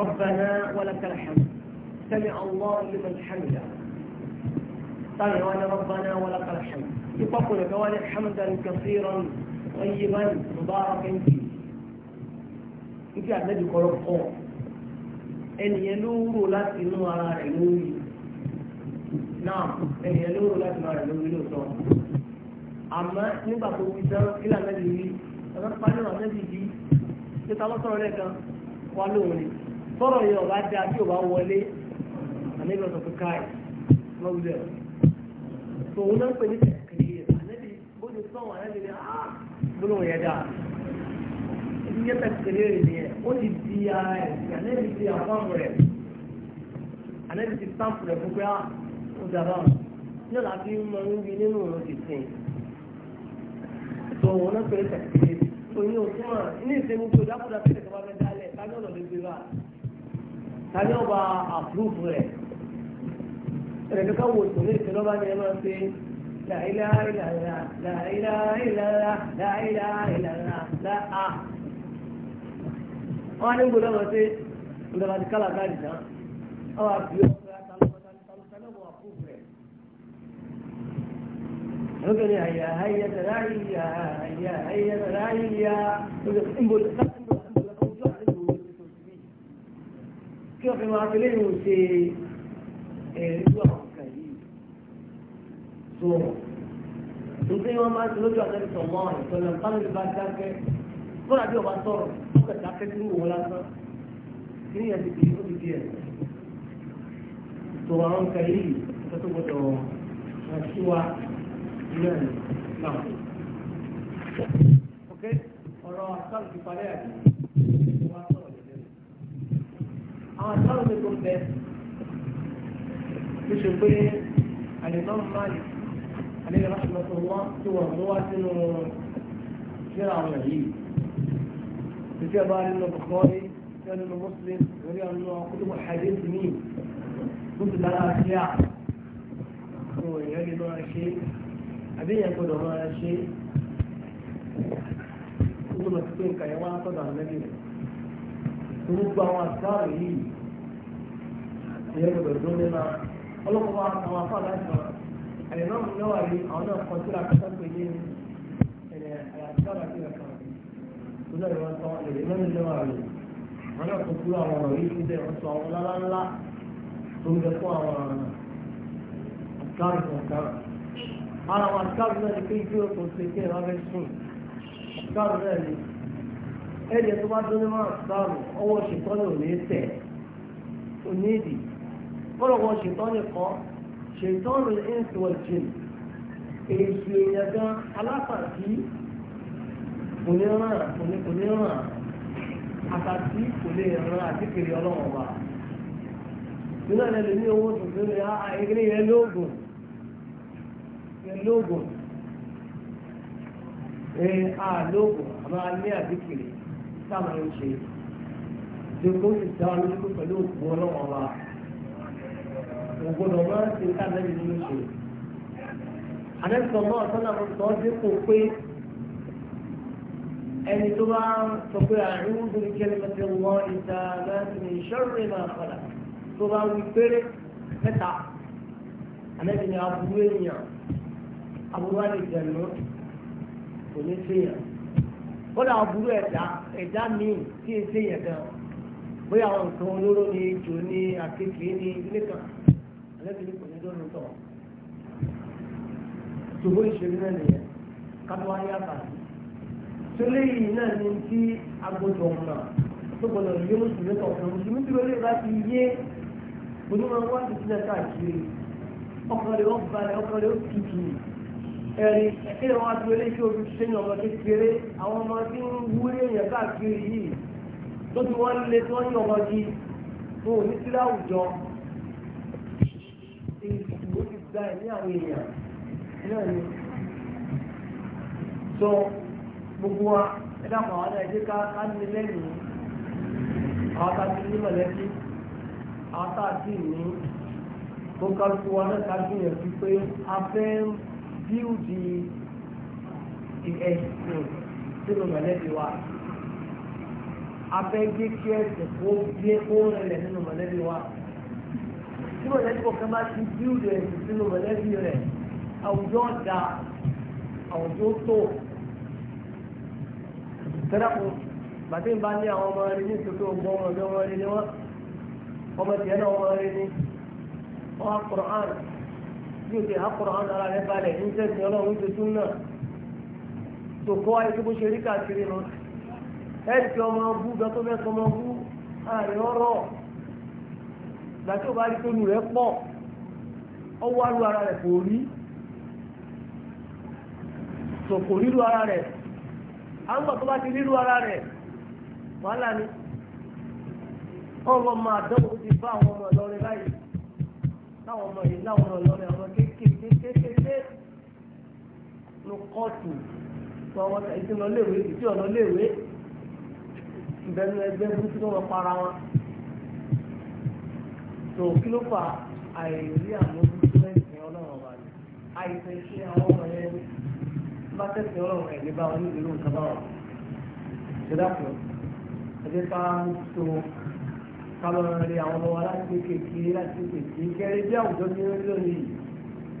ربنا ولك الحمد سمع الله لمن حمده طيب وانا ربنا ولك الحمد يطلق لك الحمدا كثيرا طيبا مباركا فيه ibi ànábì kọ́rọ̀ kọ́ ẹnìyẹn ló ń rò láti inú ara rẹ̀ lórí náà ẹnìyẹn ló ń rò láti inú ara rẹ̀ lórí lóòótọ́ àmọ́ nígbà tó wí sẹ́rọ̀ kí lànàbì rí ọ̀dọ́ pálí ọ̀rọ̀ ànábì yí títa lọ́sọ̀rọ̀ lẹ́ẹ̀kan wá lóhùn ni sọ̀rọ̀ yẹn ọ̀bá dá bí ọ̀bá wọlé ànábì ọ̀sọ̀ tó káì lọ́wọ́lẹ̀ tòun náà ń pè ní tẹ̀kìrì ànábì bó ti sọ̀rọ̀ ànábì ni yẹ tẹ̀sílẹ̀ rẹ̀ nìyẹn ó ti di ara ẹ̀ ànẹ́bí ti àfáàmù rẹ̀ ànẹ́bí ti sáǹpù rẹ̀ fún pé ah, ó dàbà ní ọ̀la fi mọ níbi nínú òun ti sìn tó òun náà pé tẹ̀sílẹ̀ oyin òtúmọ̀ ní ìsinmi tó dákúdá pé ìjọba fẹ́ dálẹ̀ tani ọ̀nà lè gbé bá tani ọba àpúrúfù rẹ̀ ẹ̀rẹ̀kẹ́kẹ́ wo tòun ní ìsinmi ọba ni ẹ máa ṣe láìláìláìlá láìláìláìlá láìláìláìlá láà wọn á ní gbọ́dọ̀ wọn ṣe ìjọba ti kálá káàdì tán wọn á fi ọkọ ya talọkọta ní talọkọta náà wọn kú rẹ. lókè ní àyà àyà tẹ̀lá àyà àyà àyà tẹ̀lá àyà ìbòlù sáà ìbòlù ọjọ́ àti ìbòlù tuntun sí. kí ọ̀fẹ́ máa fi léyìn ṣe ẹ̀rú àwọn kan yìí. so nítorí wọn máa ń lójú àtẹ́sọ̀ mọ́ ìtọ́lẹ̀ nípa lórí bá dákẹ́ kọ́lá bí ọba sọ̀rọ̀ ó kẹta kẹ́kẹ́ wò lásán kí ni ẹ̀sìn kìí ó ti di ẹ̀ tó àwọn nǹkan yìí ẹ̀ka tó gbọdọ̀ àti wa náà náà. ok ọ̀rọ̀ àtàlù ti parí àti ìwà sọ̀rọ̀ lẹ́lẹ́ àwọn àtàlù mi tó ń bẹ tó ṣe pé àlèmọ́ máàlì àlèmọ́ máàlì tó wà tó wá sínú síra àwọn yìí. iṣẹ́ bá nínú Bukhari iṣẹ́ nínú Muslim orí àwọn ọkùnrin mọ̀ hadith mi tó na dára sí à tó èèyàn lè máa ṣe àbí èèyàn gbọdọ̀ máa ṣe ó lọ sí pé nǹkan yẹn wá sọ́dọ̀ àlẹ́bí rẹ̀ gbogbo àwọn àtàrà yìí èèyàn gbọdọ̀ dún nínú ọlọ́pàá àwọn afọ àdáṣe náà tó bá dún ní máa àkàrù ọwọ́ ṣètọ́ ní òní tẹ̀ òní ìdì kọ́lọ̀ wọ́n ṣètọ́ nìkan ṣètọ́ ní kò ràn kò kò ràn àtàtì kò lè ràn nínú ní owó tuntun ní lóògùn lóògùn ee a lóògùn àmọ́ a ní àtìkiri táwọn ń ṣe ìdókòwò ti dá wa lójú pẹ̀lú òkú ọlọ́run wa ògbódò máa ń ṣe tábẹ́lì ní àdẹ́sọ̀ náà sọ́nà pé. ẹni tó bá ń sọ pé àrùn òdòdó kẹlẹmẹtẹ wọn ìta láti ní ìṣòro máa padà tó bá wí péré mẹ́ta àlẹ́bí ni aburú ènìyàn aburú àdìjẹ̀nu kò ní séèyàn kódà aburú ẹ̀dá ẹ̀dá míì tí è séèyàn gan bóyá àwọn nǹkan olóró ni ejò ni akéèké ni ilé kan àlẹ́bí ni kò ní lónìí tọ̀ ṣùgbọ́n ìṣèlú náà nìyẹn kátó wáyé àtàlẹ́ tẹ́lẹ̀ yìí náà ni tí agbọ́dọ̀ ọ̀nà tó gbọ́dọ̀ yé mùsùlùmí kọ̀ọ̀kan mùsùlùmí tí lè bá yé onímọ̀ wá ti sílẹ̀ káàkiri ọkàn rẹ̀ ọ̀bà rẹ̀ ọkàn rẹ̀ ó tutù ẹ̀rí ẹ̀kẹ́lẹ̀ wọn àti wọlé iṣẹ́ oṣù sẹ́yìn ọmọ kékeré àwọn ọmọ tí ń wúlé yẹn káàkiri yìí tó ti wọ́n lé tí wọ́n ní ọmọ di wọn ò ní sílẹ̀ àwùjọ ìgbò ti gba ẹ̀mí àwọn èèyàn náà ni gbogbo wa ẹ dàpọ̀ àwọn ẹ̀jẹ̀ ká ní lẹ́yìn àwọn tá a ti ní mọ̀lẹ́bí àwọn tá a ti ní tó kálukú wa náà ká gbìyànjú pé a fẹ́ bíúdi ẹ̀sìn sínú mọ̀lẹ́bí wa a fẹ́ gé kí ẹ̀sìn kó gbé kó rẹlẹ̀ nínú mọ̀lẹ́bí wa tí mọ̀lẹ́bí kọ̀ọ̀kan bá ti bíúdi ẹ̀sìn sínú mọ̀lẹ́bí rẹ̀ àwùjọ da àwùjọ tó. tẹ́lápù bàtí n bá ní àwọn ọmọ rẹ ní ìtòkè ògbọ́ ọmọ ọmọ rẹ ni wọn ọmọ tiẹ̀ náà ọmọ ni á bí o ti á Kùránì ara rẹ balẹ̀ ní sẹ́sìn ọlọ́run ti tún náà tó kọ́ ayé tó bó ṣe rí káàkiri lọ ẹ̀rì tí ọmọ bú ọmọ bú ààrẹ ọ̀rọ̀ bá rí rẹ pọ̀ ara kò rí ara àwọn gbà tó bá ti rírú ara rẹ̀ wàhálà ni ọlọ́mọ àdánwò ti bá àwọn ọmọ ìlọrin báyìí táwọn ọmọ yìí láwọn ọmọ ìlọrin àwọn kéékèèkéékèèké ló kọ́ọ̀tù wọn ìdí lọ léèwé ìdí ọ̀nà léèwé ìbẹ̀rù ẹgbẹ́ burúkú tó wọn para wọn tó kí ló fà àìrí àmójútó ẹ̀sìn ọlọ́run ọba ni àìsàn ìṣe àwọn ọmọ yẹn ni bá tẹ̀sí ọlọ́run ẹ̀ níbà wọn ní ìlú nǹkan bá wọn. ṣe dákun ẹjẹ́ ká ń so kálọ̀rọ̀ rẹ àwọn ọmọ wa láti kékeré láti kékeré kẹrin bí àwùjọ ní orí lónìí yìí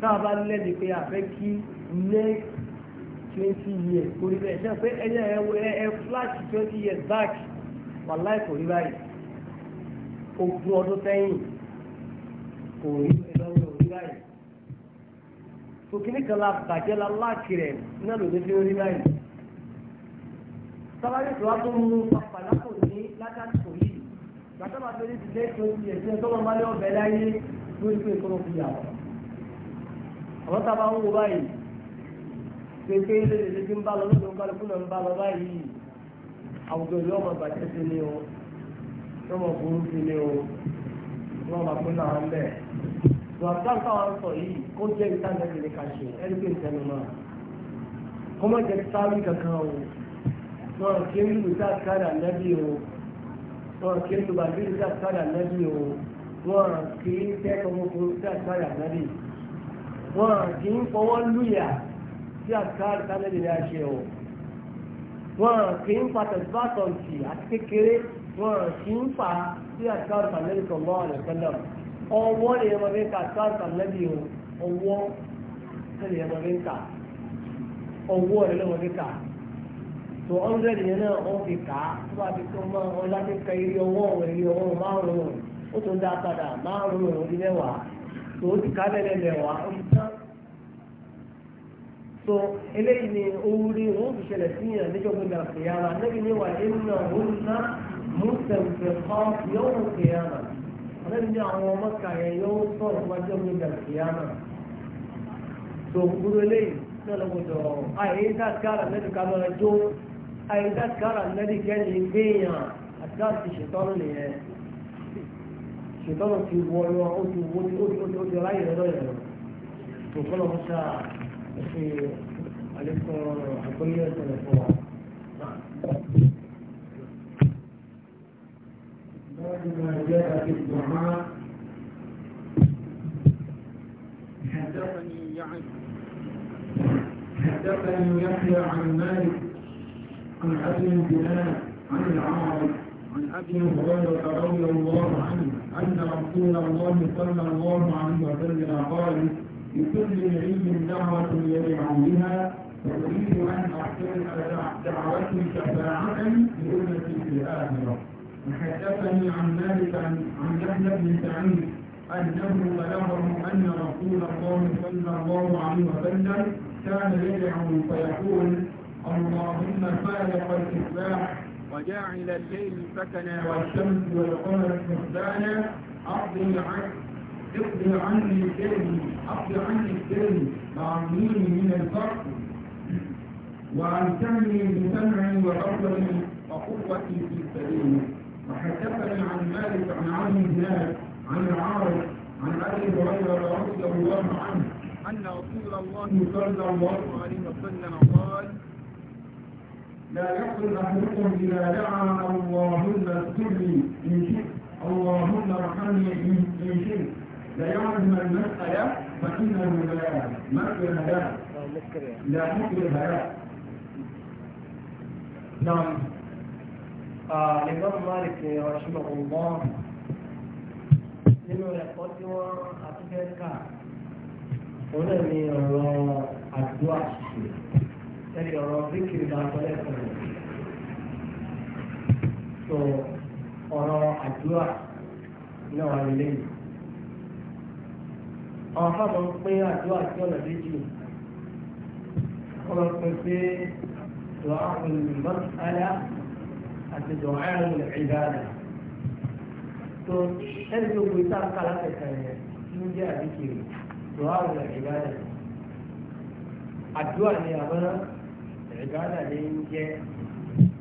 tá a bá lẹ́ni pé a kí next twenty years kò rí bẹ́ẹ̀ ṣe pé ẹni ẹ ẹ flash twenty years back wà láì kò rí báyìí ogún ọdún sẹ́yìn kò rí tòkìní kan la bàjẹ́ la láàkì rẹ̀ náà lòdì fi orí báyìí sábàbí tó wá tó mú pàpàlápò ní lákàtúntò yìí bàtà bàtà orí ti lé tó ti ẹ̀sìn tó máa lé ọbẹ̀ láyé lórí pé kọ́ fi yà wọ́n. àwọn sábà ń wo báyìí pé pé ilé lè fi ń bá lọ lóde nǹkan lókun náà ń bá lọ báyìí àwùjọ ìlú ọmọ bàjẹ́ sí ni o ọmọ burú sí ni o wọ́n máa pín náà ń bẹ̀ dùwàtán táwọn sọ yìí kó jẹ́ ìtànẹ́bì ní kàṣe ẹni pé ìtẹ́nu náà kó má jẹ sáré kankan o wọn kì í lù sá kára nẹ́bí o wọn kì í lù bàbí sá kára nẹ́bí o wọn kì í tẹ́ ọmọkùnrin sá kára nẹ́bí wọn kì í fọwọ́ lùyà sí àkáàrí sánẹ́bì ní àṣẹ o wọn kì í pàtàkì bá tọ̀ǹtì àti kékeré wọn kì í fà sí àkáàrí sánẹ́bì sọ̀rọ̀ àlẹ́kẹ́lẹ́ o. ọwọ́ ni ẹ̀mọ́ fi ń kà sí àṣà o ọwọ́ ni ẹ̀mọ́ ọwọ́ tó yẹn náà fi kà á tó bá fi ọ ka eré ọwọ́ eré ọwọ́ ó ọlọ́run ní àwọn ọmọ kàyẹ yóò sọ̀rọ̀ wájú ọmọ ìgbà kìíyá náà tó gbúrú eléyìí náà lọ́gbọ̀dọ̀ àyíkáàkárà lẹ́nu ká lọ́ra jó àyíkáàkárà lẹ́nu kẹ́ni gbéyàn àtúntà ti ṣètọ́nù nìyẹn ṣètọ́nù ti wọ ọ ó ti wọ ó ti ráyè lọ́dọ̀ yẹn tó kọ́lọ́ mọ́ sáà ẹ̀ṣẹ̀ àlékún àgbóyè ẹ̀ṣẹ̀ lẹ́fọ̀ wa. ما جاء في الدعاء حدثني يعني حدثني يحيى عن مالك عن ابي الجنان عن العارف عن ابي هريره رضي الله عنه ان رسول الله صلى الله عليه وسلم قال لكل علم دعوه يدعو بها واريد ان احسن دعوتي شفاعه لامتي في الاخره حدثني عن مالك عن يحيى بن سعيد أنه بلغه أن رسول الله صلى الله عليه وسلم كان يدعو فيقول اللهم فارق الإصلاح وجاعل الليل سكنا والشمس والقمر حسبانا أقضي عنك اقضي عني الكلمة اقضي عني الكلمة وعميني من الفقر سمعي بسمعي وبصري وقوتي في سبيلك وحدثني عن مالك عن عم بن عن العارف عن ابي هريره رضي الله عنه ان رسول الله صلى الله عليه وسلم قال لا يقل احدكم اذا دعا اللهم اغفر لي ان شئت اللهم ارحمني ان شئت يعلم المساله فانه لا مكر لا لا مكر لا نعم الإمام مالك رحمه الله nínú ẹ̀kọ́ tí wọ́n àtúnfẹ́ kà òun náà ni ọ̀rọ̀ àdúrà ṣe ẹni ọ̀rọ̀ bíkìrì máa tọ́lẹ̀ fún mi. tó ọ̀rọ̀ àdúrà náà wà nílé yìí. àwọn fáwọn ń pín àdúrà sí ọ̀nà méjì wọ́n lọ pín pé ìwà àwọn olùmọ̀ọ́sálà àti dùn ààrùn ìgbà rẹ̀. tó ẹni tó gbé sáà kálá kẹta yẹn ló jẹ́ àdékèrè dùn ààrùn ìgbà rẹ̀. àdúrà ni àwọn ìgbà rẹ̀ lè ń jẹ́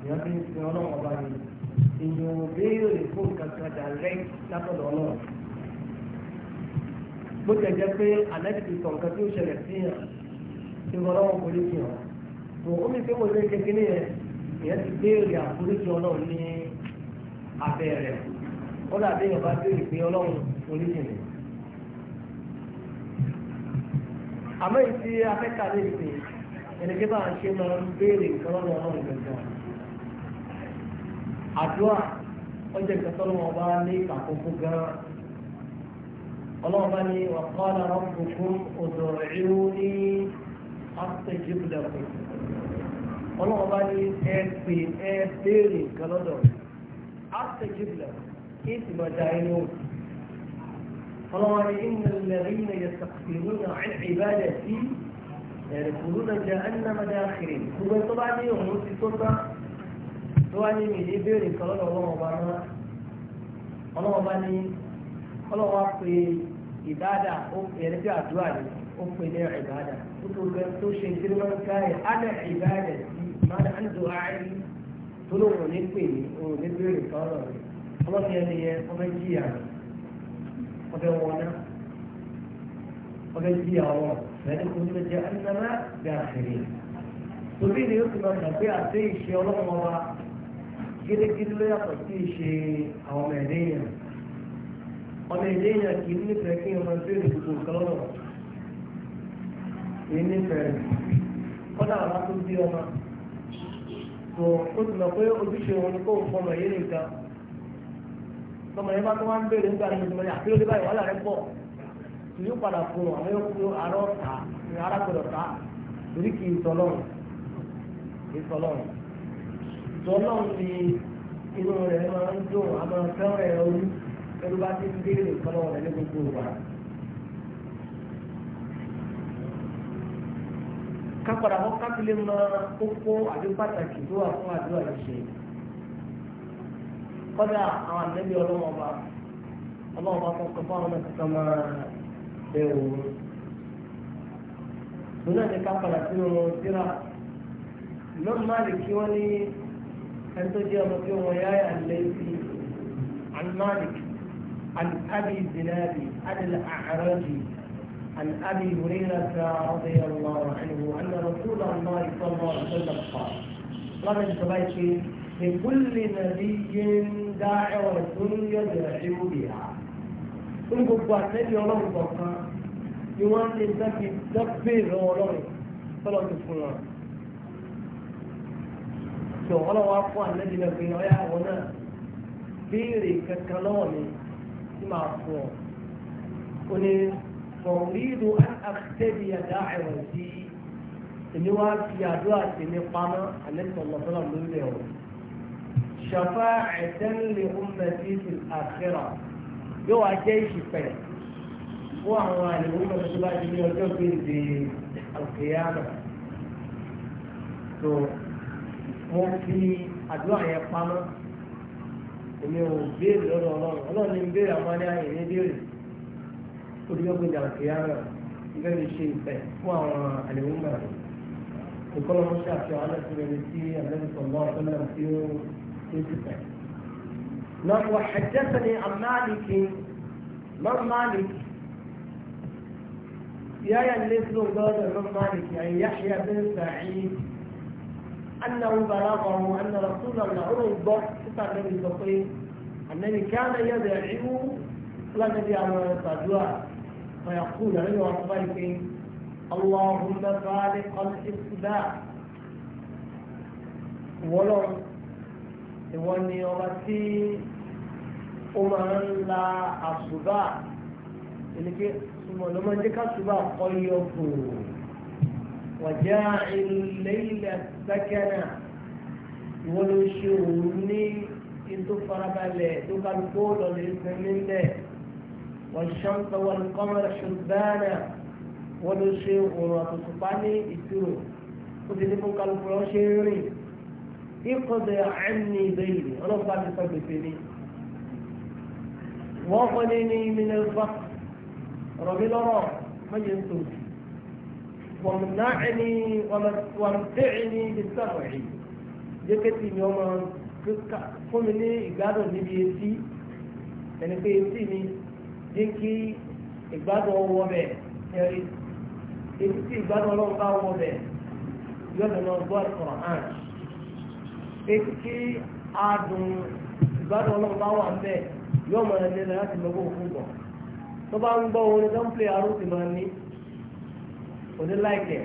ìyá bí ìsìn ọlọ́wọ́ bá mi. èèyàn ò béèrè fún kankan direct látọ̀dọ̀ ọlọ́run. bó tẹ̀ jẹ́ pé àlẹ́kìtì kọ̀ọ̀kan tí ó ṣẹlẹ̀ sí yàn ìrọ̀lọ́wọ́ kò lè fi hàn. tó omi pé mo lè jẹ kí ni yẹn ìyẹn ti béèrè àforíjì ọlọ́run ní abẹ́ rẹ̀ ó dàbí ìyọ̀bá béèrè pé ọlọ́run oríṣi mi. àmọ́ èyí tí afẹ́ka lè pè ẹnìkí bá ń ṣe máa ń béèrè ìtọ́lọ́run ọlọ́run gbẹ̀gbọ́n. àdúrà ọjọ́ ìtọ́lọ́run ọba ní ìkàkókó gan-an. ọlọ́run bá ní wàhálà rọ́pùkún òdòrò ìrú ní àtẹ̀jú lẹ́kùn ọlọ́run bá ní ẹ pè ẹ béèrè nǹkan lọ́dọ̀ àtẹ̀jìbìlà kí sì máa da ẹni òun. ọlọ́run ní ìnà lẹ́rìí ní ìyẹ̀sàkìrú náà ìbálẹ̀ sí ẹ̀rẹ̀kùrú náà jẹ́ ẹnìnàmọ́dé àkèrè gbogbo tó bá ní òun ti tó tán tó wá ní ìdí béèrè nǹkan lọ́dọ̀ bá ní ọlọ́run á pè ìbáàdà ó yẹn bí àdúrà ó pè ní ìbáàdà. Kutu gan tó ṣe girman kayan ana ibadar máa ń do àárí tó ló wọ̀ ní pè ní òun ní bèrè sọ́rọ̀ rẹ̀ ọlọ́run ẹni yẹn wọ́n fẹ́ jìyà wọ́n fẹ́ wọná wọ́n fẹ́ jìyà wọn lẹ́nu kò tó jẹ́ ẹnìyàmá gbà fèrè torí ni ó ti máa gbà pé àti ìṣe ọlọ́run wa gidigidi ló yàtọ̀ sí ìṣe àwọn ọmọ ẹ̀dẹ́ yẹn ọmọ ẹ̀dẹ́ yẹn kì í nífẹ̀ẹ́ kí wọ́n bèrè gbogbo nǹkan lọ́wọ́ kọ́dà àwọn tó bí ọmọ tó ó ti mọ̀ pé ojúṣe òun ni kó o fọmọ yé nìkan tọmọ yẹn bá tó wá ń béèrè nígbà tó ti mọ̀ ní àbílẹ̀ òde báyìí wàhálà rẹ pọ̀ tì yóò padà fún ọ àwọn yóò fún arọ ta ní arákùnrin ta torí kì í sọlọ́run kì í sọlọ́run ti inú rẹ̀ máa ń dùn àmọ́ fẹ́ràn ẹ̀ orí bá ti ń béèrè sọlọ́run rẹ̀ ní gbogbo ìgbà. kápadà wọn kápilé mọ kókó àbí pàtàkì tó wà fún àdúrà ṣe kọ́dà àwọn ànábì ọlọ́wọ́n bá ọlọ́wọ́n bá kọ́ kọ́ fáwọn náà kíkọ́ máa bẹ̀rù wọn. sùn náà ní kápadà sínú síra lọ́n máa kí wọ́n ní ẹni tó jẹ́ ọmọ tí wọ́n yá àlẹ́sí an Malik an Abi Zinadi adìlẹ̀ عن أبي هريرة رضي الله عنه أن رسول الله صلى الله عليه وسلم قال قال الزبيتي لكل نبي دعوة يدعو بها كل قبعة نبي الله بقى يوان لذلك دبر الله صلى الله عليه وسلم so ọlọ́ wa fún àlejò náà pé ọyá àwọn náà béèrè kankan lọ́wọ́ mi tí màá فأريد أن أختبي دعوتي èmi wá fi àdúrà tèmi pamọ́ àlẹ́sọ̀lọ́sọ́lá lórí ẹ̀ o. ṣàfà ẹ̀sẹ̀ńlẹ̀ ọmọdé ti àṣírà yóò wá jẹ́ ìṣìpẹ̀ fún àwọn àlèwò mẹ́tọ́tọ́ bá di ní ọjọ́ gbèǹde àlùkìyàmà. tó mo fi àdúrà yẹn pamọ́ èmi ò béèrè lọ́dọ̀ ọlọ́run ọlọ́run ní béèrè àwọn ní àyè ní béèrè. كل يوم عند القيامة يقول لي شيء فيه واو اليوم ما في كل ما شاف شو على سبيلتي النبي صلى الله عليه وسلم فيه شيء فيه نعم وحدثني عن مالك ما مالك يا يا نسل قال من مالك يعني يحيى بن سعيد أنه بلغه أن رسول الله عرض كتاب النبي صلى الله عليه وسلم أنني كان يدعو لنبي عليه الصلاة والسلام فيقول عيوى الضيف اللهم خالق الإصباح ولو ìwọ́ni ọba tí ó máa ń la àṣùbà ìlẹ́kẹ́ súnmọ́ ló máa ń jẹ́ káṣùbà kọ́ yọ gbòòrò wàjá ìlẹ́yìnlẹ̀ sákẹ́nà ìwọ́n ló ṣe òun ní ètò farabalẹ̀ tó kálukó lọ́lẹ̀ ìsinmi ńlẹ̀. والشمس والقمر حسبانا ونشي ونتصفاني الدرو وتدي من قال فراشيري اقضي عني ديني انا بعد صلي فيني وغنني من الفقر ربي لرا ما ينتوش وامنعني وامتعني بالسمع جكتي يوم فمني قالوا لي بيتي يعني بيتي jẹ́ kí ìgbádùn ọwọ́ bẹ̀ ẹ̀rí èyí tí ìgbádùn ọlọ́run bá wọ bẹ̀ yọ̀dọ̀ lọ gbọ́ ẹ̀kọ́ hàn èyí tí adùn ìgbádùn ọlọ́run bá wà bẹ̀ yọ̀ mọ̀ ẹ̀ lẹ́la láti lọ́wọ́ òkú bọ̀ tó bá ń gbọ́ orin tó ń pè arúgbó ti máa ní òní láìpẹ́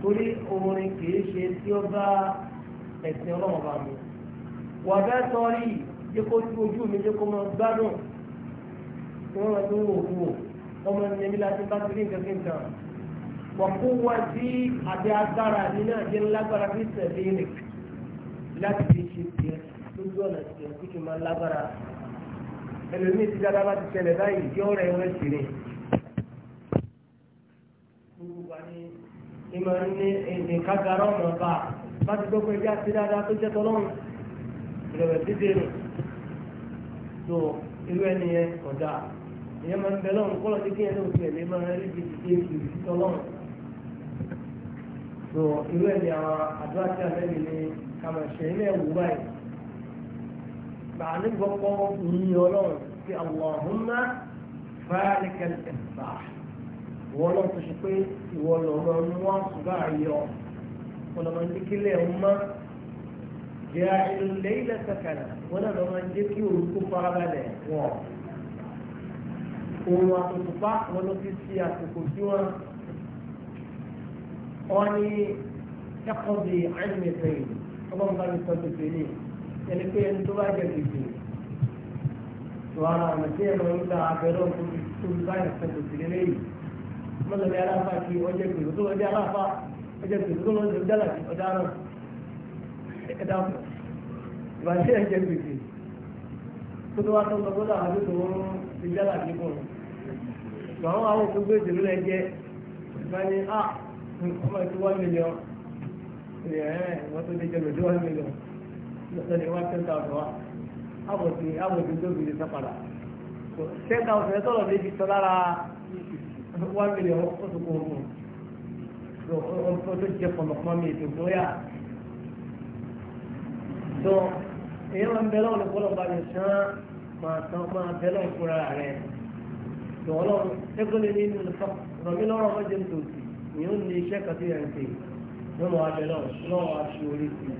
torí orin kìí ṣe tí ó bá ẹ̀sìn ọlọ́run bá mi wà bẹ́ẹ̀ sọ rí ojú mi jẹ́ kó mọ gbádùn wọ́n máa tó wò wò ọmọ ní ẹbí láti bá ti rí nǹkan kí nǹkan wàkú wá sí àti agbára mi náà jẹ́ lágbára fi tẹ̀lé nì láti fi ṣe tiẹ̀ lójú ọ̀nà tiẹ̀ kí kì máa lágbára ẹlòmíì ti dáadáa bá ti ṣẹlẹ̀ báyìí yọ ọ̀rẹ́ wọn sì ni. gbogbo wa ni ìmọ̀ ní nǹkan gara ọ̀nà bá bá ti gbọ́ pé bí a ti dáadáa tó jẹ́ tọ́lọ́run ìrẹ̀wẹ̀sì dé nù. tó irú ẹni yẹn kọjá ìyẹn máa ń bẹ lọ́run kọ́lọ́ ní kí ẹni òkè lè máa rí bí ti ṣe ìlú títọ́ lọ́run. tó irú ẹ̀ ní àwọn àdúrà tí a lẹ́nu ní kàmá ṣe ilé ẹ̀wù báyìí. bàá ní gbọ́kọ́ yíyan ọlọ́run sí Allahumma fáríkẹ́lì ẹ̀fà. wọ́n lọ tó ṣe pé ìwọ lọ máa ń wá ṣùgbọ́n àyọ. wọ́n òun àtòkùpá wọn ló fi ṣe àsìkò tí wọn wọn ní ẹ̀kọ́ bí àìmì ìfẹyìn ọgbọn bá mi sọ tètè ní ẹni pé ẹni tó bá jẹ tètè tó ara ọ̀nà tí ẹ̀rọ ń gba abẹ́rẹ́ òkú tó ń bá ẹ̀sẹ̀ tètè lélẹ́yìn aláfa kí ọjọ́ ìgbèrú tó lọ́jọ́ aláfa ọjọ́ ìgbèrú tó lọ́jọ́ ìdálà kí ọjọ́ àrùn ẹ̀dá ìbàjẹ́ ẹ̀jẹ̀ gbèsè tó tó wá tó ń lọ bọ́dọ̀ àwọn àdúgbò wọn ti jálà ní bọ̀ àwọn àwọn gbogbo ìdìbò rẹ̀ jẹ́ ìgbà ni a ọmọ ti wá mílíọ̀n ẹ̀ ẹ̀ wọ́n tó lè jẹ́ lòdì wá mílíọ̀n lọ́sọ̀rọ̀ wá ten thousand wa àbòsí àbòsí tó fi lè sá ten thousand ẹ̀ tọ́lọ̀ débi tọ́ lára wá mílíọ̀n ó tó kó ogun ó tó jẹ́ pọ̀nọ̀pọ̀ mi ètò ìgbóyà tó èèyàn ń bẹ lọ́wọ́ ní kọ́lọ̀ bá mi sàn án máa tán máa bẹ́lọ̀ fúnra rẹ̀ tó ọlọ́run ni nínú nǹkan rọ̀mí lọ́rọ̀ ọmọdé ń tòsí ni ó ní iṣẹ́ kan tí yẹn ń pè ní ọmọ abẹ́lọ̀ lọ́wọ́ aṣọ orí sí i.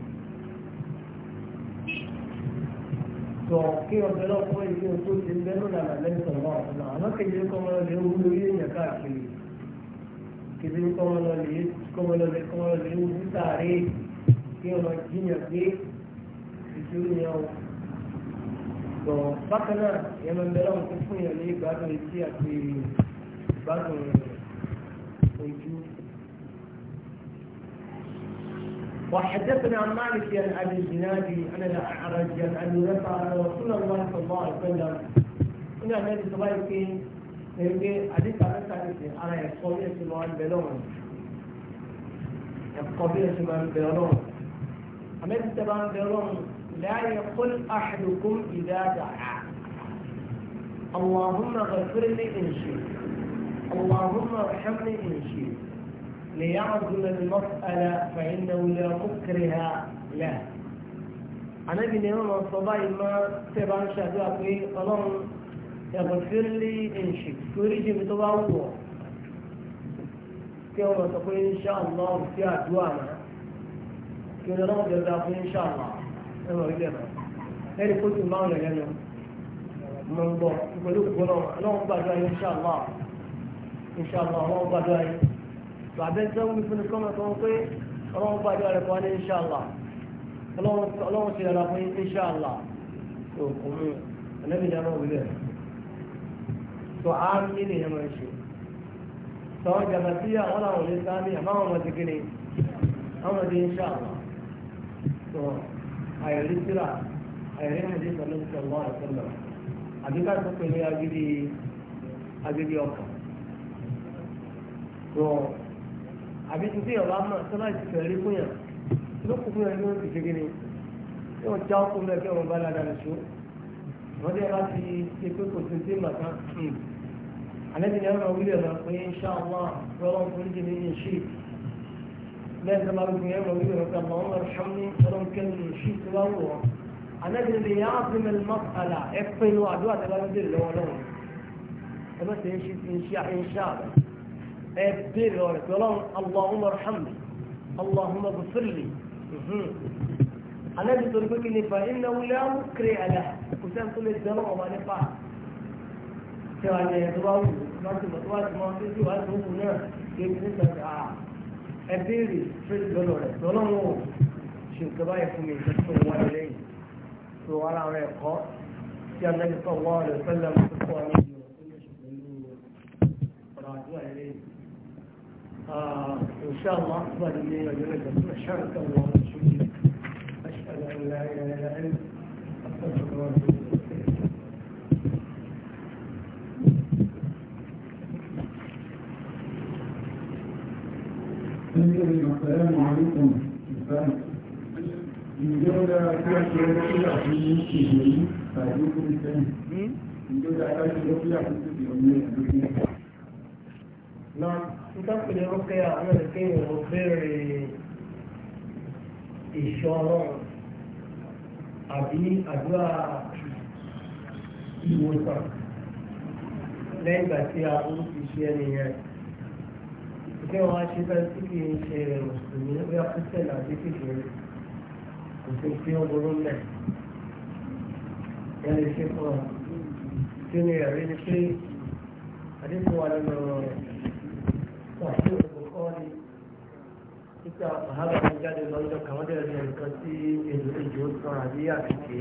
tó kí ọbẹ̀ lọ fún ẹni ohun tó ti ń bẹ́ẹ̀ lọ́nà àlẹ́sọ̀ náà ọ̀nà àwọn kejì kọ́mọlọ́lẹ̀ wúlò yé èèyàn káàkiri kejì kọ́mọlọ́lẹ̀ kọ́mọlọ́lẹ̀ kọ́mọlọ́lẹ̀ wúlò sáré kí ọmọ jiyàn gbé ìṣúrù yẹn sọ bákan náà yẹn máa ń bẹ lọ́wọ́ tó fún yẹn ní gbádùn etí àti gbádùn ojú. وحدثنا عن مالك عن ابي الزنادي عن الاعرج عن ابي رفع ان رسول الله صلى الله عليه وسلم ان النبي صلى الله عليه وسلم حديث عن الثالث على القبيله سلمان بلون قبيله سمان بلون النبي سلمان بلون لا يقل أحدكم إذا دعا اللهم اغفر لي إن شئت اللهم ارحمني إن شئت ليعظم المسألة فإنه لا مكره له أنا يوم الصباح ما تبان شهد أقول اللهم اغفر لي إن شئت تريد بطبع الله كما تقول إن شاء الله في أدوانا كنا نرغب إن شاء الله ẹ̀rọ ilẹ̀ rẹ̀ ẹ̀rí kó tún máa ń rẹ̀ lẹ́nu mo ń bọ̀ pẹ̀lú gbọ́dọ̀ ọlọ́run gbàdúrà yín ṣàlọ́ ìṣàlọ́ ọlọ́run gbàdúrà yín bàbá ẹ̀sẹ̀ wí fún mi kọ́ mọ̀ kan pé ọlọ́run gbàdúrà rẹ̀ kọ́ ní ìṣàlọ́ ọlọ́run ṣe yàrá fún yín ìṣàlọ́ òkùnrin ẹlẹ́mìíràn náà wílẹ̀ tó á ní nìyẹn máa ń ṣe sọ́wọ́n jàmàtíyà wọn làwọn ò lè sáà ní àbáwọn ọmọdé kéde àwọn ọmọdé ń ṣàlọ́ àìrí síra àìrí àìrí pẹ̀lú ìṣẹ̀lẹ̀ wọn àti ọ̀nà àbí ká tó pé ní agídí agídí ọkàn. tó àbí tuntun yàrá mọ̀ sọ́nà ìṣẹ̀lẹ̀ rí fún yàn ló kú fún yàn ní oṣù ṣe kíni yóò já ọkọ mi ẹgbẹ́ wọn bá ládàá lè ṣó wọ́n dẹ́ bá ti ṣe pé kò tó dé màtá àlẹ́ mi ni لازم أرد يا ربي رضي الله عنه ارحمني ولو كان شيء سوى هو أنا اللي يعظم المسألة اقفل وعد وعد لا يدير لو لو بس يمشي إنشاء إنشاء اقفل لورك ولو اللهم ارحمني اللهم اغفر لي أنا اللي تربك لي فإنه لا مكرئ على كسان كل الدماء وما نفعل كان يضرب ما تبغى ما تبغى ما تبغى ما نعم. تبغى ẹ béèrè straight lọ́dọ̀ rẹ̀ ṣe nǹkan báyìí fún mi nǹkan wà lẹ́yìn tó ara rẹ̀ kọ́ tí a lẹ́yìn tó wà rẹ̀ fẹ́lẹ̀ mú kó wà lẹ́yìn ọ̀rọ̀ àdúrà lẹ́yìn. إن شاء الله أفضل من يجب أن أشهد الله وشكرا أشهد أن لا إله إلا أنت أستغفرك tambayi assalamu alaikum misali ǹjẹ́ da kíyàṣẹ́ lọ́píyà fún ìṣèlú tàbí fún ìṣẹ́yìn ǹjẹ́ da kíyàṣẹ́ lọ́píyà fún ìṣèlú na nítorí wípé àwọn ìpín ìwò béèrè ìṣòro àbí àdúrà ìwòsàn lẹ́yìn ìgbà tí a ń fi ṣe ẹnìyẹn kí wọ́n á ṣe bẹ́ẹ̀ tí kì í ṣe mùsùlùmí bóyá kristian àti kékeré kò sí tí ó burú mẹ́ ẹ lè ṣe fún ọ kí ni ẹ̀rí ni pé àdínkù wà nínú wà sí òkùnkọ́ ni títí àbáhábà ń jáde lọ́jọ́ kàwọn dẹ̀ rí nǹkan tí èdè ìjọ sọ àbí àtìkè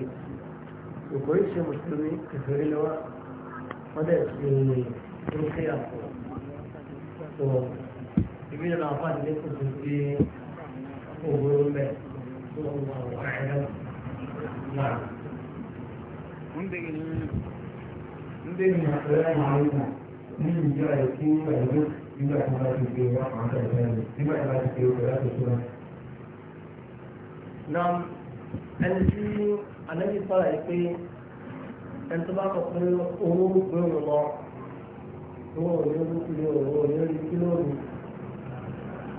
òkò yìí ṣe mùsùlùmí kékeré ni wọ́n dẹ̀ ṣe ní kí àpò ìbí ìlànà àwọn àti ilé kòtò sí owó mẹ tó wà wà ẹ̀rọ náà. Ndé ni àpẹẹrẹ àwọn ìmọ̀ ní ìjọ ẹ̀kú ẹ̀rọ nígbà tí wọ́n ti gbé wá àwọn àtẹ̀lẹ́ rẹ̀ nígbà tí wọ́n ti gbé wọ́n láti tó náà. Nam ẹni tí ànábì sọ̀rọ̀ yìí pé ẹni tó bá kọ̀ pé owó gbé òun lọ, owó òun ló ń lé òun òun ló ń lé kí lóòrùn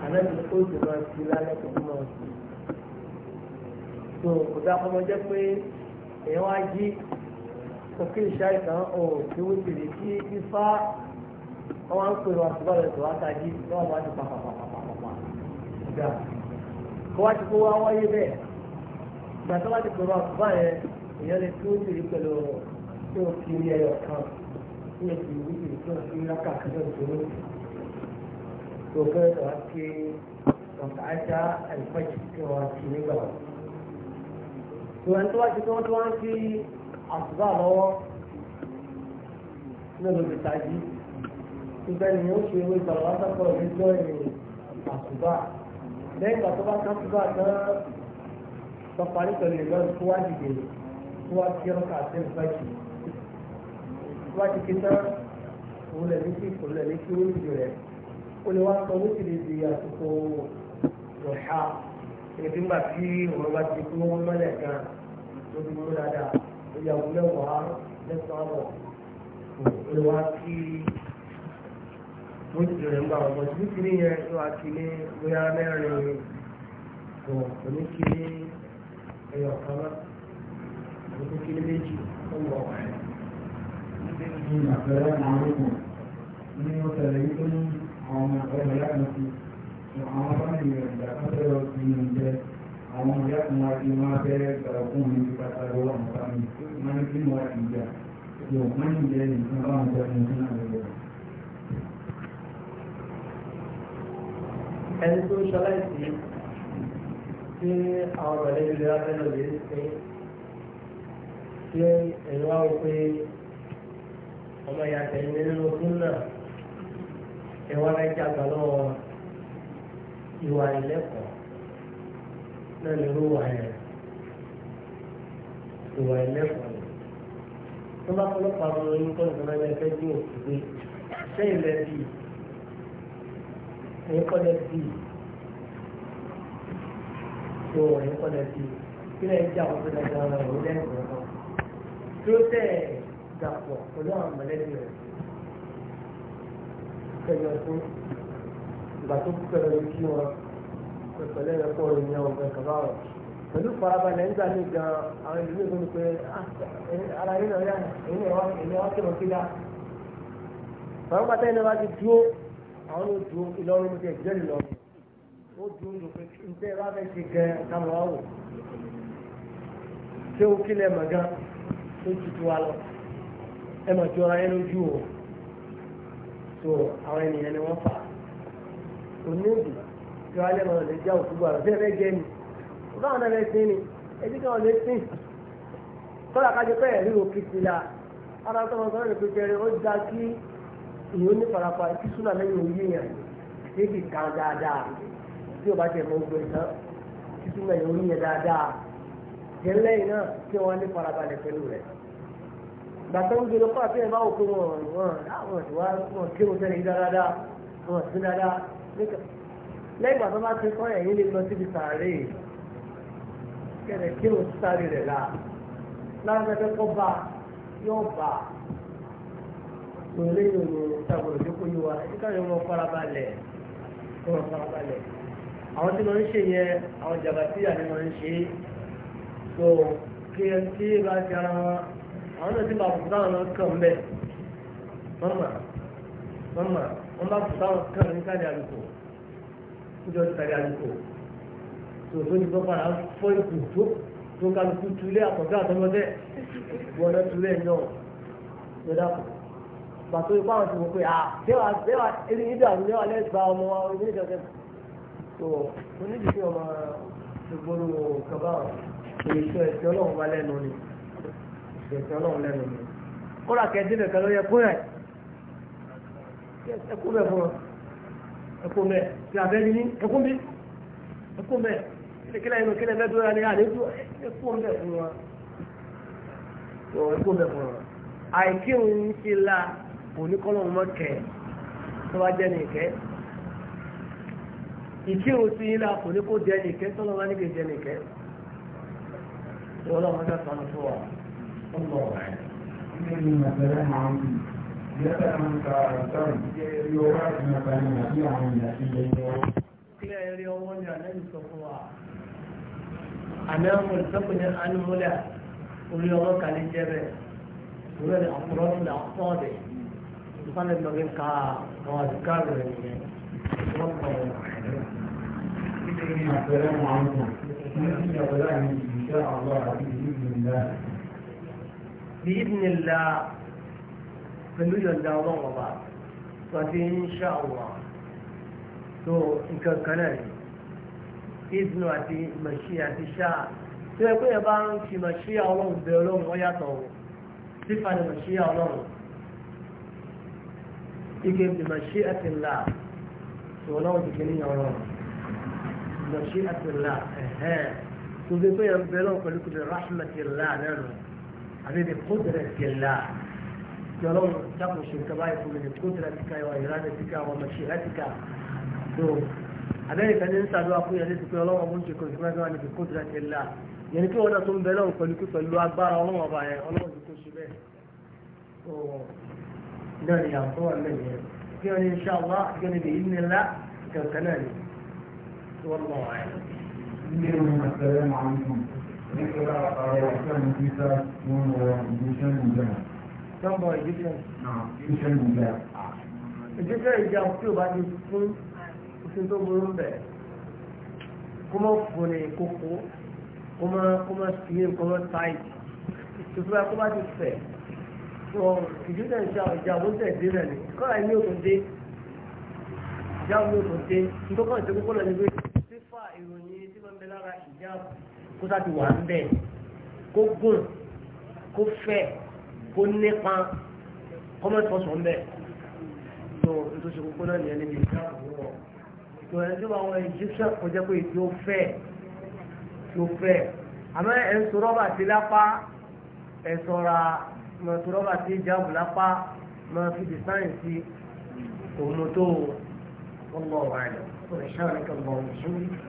ànábi ó sì máa fi lálẹ́ tó kó máa fi. tó kò dá ọmọ jẹ́ pé èèyàn wá jí òkè ìṣàìsàn ò tí wọ́n ti lè kí ifá wọ́n á ń pè wọ́n àtúbọ̀ rẹ̀ tó wá tají lọ́wọ́ bá ti pàpàpàpàpàpà. kó wá ti kó wá wáyé bẹ́ẹ̀ ìgbà tó wá ti pè wọ́n àtúbọ̀ yẹn èèyàn lè tí ti lè pẹ̀lú tí kiri ẹyọ kan tí wọ́n ti lè kí wọ́n ti lákàtúntò tó lóṣù tó kẹ́ wá kí ọ̀kà ajá àìfọ́jì kí wọ́n ti nígbà wọn. tó ẹni tó wá ti tó wọ́n tó wá ń fi àtúbà lọ́wọ́ náà ló fi tají. ìgbẹ́ ni yóò ṣe ewé ìgbàlọ́ wá sọ́kọ̀ ní jọ́ ìrìn àtúbà. lẹ́yìn ìgbà tó bá ká àtúbà tán tó parí pẹ̀lú ìlọrin tó wá dìde tó wá kí ọ̀kà àti àìfọ́jì. tó wá ti kí tán òun lẹ̀ ní ó lè wá sọ méjì lè di àsìkò ọ̀ṣà ẹ̀ẹ́dì ńgbà tí òun bá ti kú wọn mọ́lẹ̀ gan ló ti mú dáadáa ìyàwó mẹ́wàá mẹ́sàn-án bọ̀ ó lè wá kí mo ti rẹ̀ ń bá ọmọ tí kí ní yẹn ló wá kí ní bóyá mẹ́rin kò ní kí ní ẹ̀yọ̀ kan náà kò ní kí ní méjì ó ń bọ̀ wáyé. Ní ọ̀sẹ̀ rẹ̀ yìí tó ní àwọn ọmọ ìyá mi ti àwọn fámìlì rẹ̀ ìgbà kan fẹ́ lọ sí inú jẹ́ àwọn ìyá kan wá sí máa fẹ́ gbàgbọ́ fún mi nípa tàbí wà ní fámìlì máa ń kí wọn ìjà yóò máa ń jẹ nǹkan báwọn jẹ nǹkan náà lọ. ẹni tó ṣaláìsí tí àwọn ọ̀rẹ́ ilé abẹ́lẹ̀ lè ṣe ṣé ẹ̀yọ́ wá wípé ọmọ ìyàtẹ̀ ìnínú fún náà ẹ̀wọ́n náà jà gbà ìwà ìlẹ́kọ̀ọ́ náà lè rú yẹn ìwà ìlẹ́kọ̀ọ́ ni. tó bá fọlọ́pàá àwọn oyún tó ń sọ náà ẹgbẹ́ òkú gbé sẹ́yìn lẹ́ bí ẹ̀yìn kọ́ bí tó ẹ̀yìn kọ́ bí kí lẹ́yìn jà wọ́n tó lẹ́gbẹ̀ẹ́ ọ̀rọ̀ ìlẹ́kọ̀ọ́ tó tẹ̀ dàpọ̀ pẹ̀lú àwọn mọ̀lẹ́bí rẹ̀ kẹyọ fún ìgbà tó kú kẹrẹ lè kí wọn pẹ̀lẹ́ rẹ kọ́ ọ̀rọ̀ ìyẹn ọ̀gbẹ́ kaba wọn. pẹ̀lú farabalẹ̀ ń gbà mí gan àwọn ìlú mi gbọ́dọ̀ pé ah, ara yín náà yá ẹ̀yin ẹ̀wá kẹrọ kí dá. àwọn pátá yìí náà bá ti dúró àwọn yóò dúró Ìlọrin ti ẹ̀jẹ̀ lọ. ó dúró lò pé ntẹ́ bá fẹ́ ṣe gan káwọn wá wò. ṣé o kílẹ̀ mọ̀ gan tó tutù wa lọ ẹ mọ̀ jọra yẹn lójú o tó àwọn ènìyàn ni wọ́n fà á onídìí tí wọ́n á lẹ́nu ọ̀rẹ́ já òkú gbà lọ́sẹ̀ fẹ́ gẹ́ ni báwọn náà lè sin ni ẹbí kan lè sin kọ́lá kájọ pé ẹ̀rí òkìtì la ara tó wọn sọ ní pípẹ́rẹ́ ó dá kí ìyó ní farapa kí súnà lẹ́yìn òye yẹn débi kan dáadáa tí o bá tẹ̀ mọ́ gbé tán kí súnà yẹn ó yẹ dáadáa jẹ́ lẹ́yìn náà kí wọ́n ní farabalẹ̀ pẹ̀lú rẹ̀ bàtà ń gbèrò fún àfihàn báwo pé wọn wọn àwọn ìwà wọn kí wọn sẹni dáadáa wọn sí dáadáa lẹ́yìn ìgbà tó bá ti kọ́ ẹ̀yìn lè lọ síbi sàárè kẹ̀rẹ̀ kí wọn sáré rẹ̀ la lágbẹ́fẹ́ kọ́ bá yóò bá lórí ìròyìn ìtàgbọ̀n ìdókòó yìí wa nígbà yóò wọn farabalẹ̀ wọn farabalẹ̀ àwọn tí wọ́n ń ṣe yẹn àwọn jàbátí àti wọ́n ń ṣe so kí ẹ tí bá ti wọn àwọn náà ti bá àbùkù táwọn kàn mẹ́ mọ́mà mọ́mà wọ́n bá àbùkù táwọn kàn ní káàdì àlùkò níjọ́ ti káàdì àlùkò tòótọ́ ti gbọ́ padà fọ́ ìkù tó tó kálukú tulé àkọ́kọ́ àtọ́mọdé wọ́n náà tulé náà lọ́dà kù pàtó ipá wọn ti wọ pé ah déwà déwà eré yín dàrú déwà lẹ́yìn gba ọmọ wa orí ní ìjọba tó onídìí ọmọ ìgboro kaba èyí tó ọlọ́run wá lẹ́nu ni ìgbẹ̀sẹ̀ ọlọ́run lẹ́nu mi kóra kẹ́ẹ́dé nìkan ló yẹ kó rẹ̀ ẹkú bẹ̀ fún ọ ẹkú bẹ̀ tí a bẹ́ẹ̀ ní ẹkú bí ẹkú bẹ̀ kílẹ̀ inú kílẹ̀ bẹ́ẹ̀ dúró ní àlejò ẹkú bẹ̀ fún wa tó ẹkú bẹ̀ fún wa àìkírun ti la oníkọ́lọ́run mọ́ kẹ́ tó bá jẹ́ nìkẹ́ ìkírun ti la oníkó jẹ́ nìkẹ́ tọ́lọ́ bá níbi jẹ́ nìkẹ́ tó ọlọ́run mọ́ sọ́nù fún الله أعلم إنني مثلا عندي يتأمن كأرسل يوراك مثلا نبي عن النبي كلا يوم يعني سفوا أنا مرتبني عن ملا وليوراك على الجبل ولد أفراد الأعصاب سبحان المغيب كا وأذكار والله أعلم إنني مثلا عندي إن شاء الله بإذن الله بإذن الله فلولا الله وضع وفي إن شاء الله تو إن كان كناني إذن أتي مشيئة شاء tó yẹ pé ẹ bá ń fi màṣíyà ọlọ́run bẹ ọlọ́run wọ́n yàtọ̀ ọ̀rọ̀ sífà ni màṣíyà ọlọ́run ike bi màṣíyà ti là tó ọlọ́run ti kìíní ọ̀rọ̀ màṣíyà ti là ẹ̀hẹ́n tó fi pé ẹ bẹ ọlọ́run pẹ̀lú kùdì rahmatillah náà nù àbí bí kúndùrẹ̀ ti là yọlọ́ dákun ṣe nǹkan báyìí fún mi bí kúndùrẹ̀ ti ká ìwà ìrànlẹ̀ ti ká ìwà mọ̀ṣẹ́ láti ká tó àbẹ́rẹ́ ìfẹ́ ní ń sàdúrà fún yẹn létí pé ọlọ́wọ́ mú ṣe kòsí mẹ́fẹ́ wọn ni bí kúndùrẹ̀ ti là yẹn ni kí wọ́n tó ń bẹ lọ́wọ́ pẹ̀lú pẹ̀lú agbára ọlọ́wọ́ bá yẹn ọlọ́wọ́ ti kó insha Allah kí wọ́n ní bí ìdílé ńlá kankan náà ni tó wọ́n mọ̀ wáyé. Nicola Alexander Peter won Egyptian Niger. Sọ́mbọ̀ Egyptian. Egyptian Niger. Egyptian Niger tí o bá ti fún òfin tó burú ń bẹ̀. Kó mọ̀ fún ní kókó, kó mọ̀ kó mọ̀ slim, kó mọ̀ tight. Tuntun bá kó bá ti fẹ̀. Sọ Egyptian Niger ìjà ló tẹ̀ dé rẹ̀ ni. Kọ́lá ní òkun dé. Ìjà ní òkun dé. Ntọ́kọ̀ ìṣẹ́gun kọ́lá ní pé sífà ìròyìn tí wọ́n bẹ lára ìjà kó sá ti wà ń bẹ̀ kó gùn kó fẹ̀ kó nípa kó mọ̀ ìfọ̀sọ̀ ń bẹ̀ tó nítorí kókó náà nìyẹn níbi ìjà àbúrò tó ẹni tó àwọn ìjísẹ́ kò jẹ́ pé tí ó fẹ́ tí ó fẹ́ àmọ́ ẹ̀ ń sọ̀rọ̀ bá ti lápá ẹ̀ sọ̀ra mọ̀ sọ̀rọ̀ bá ti jáàbù lápá mọ̀ fìdí sáyẹ̀nsì òun tó wọ́n lọ́wọ́ àná. سبحانك اللهم وبحمدك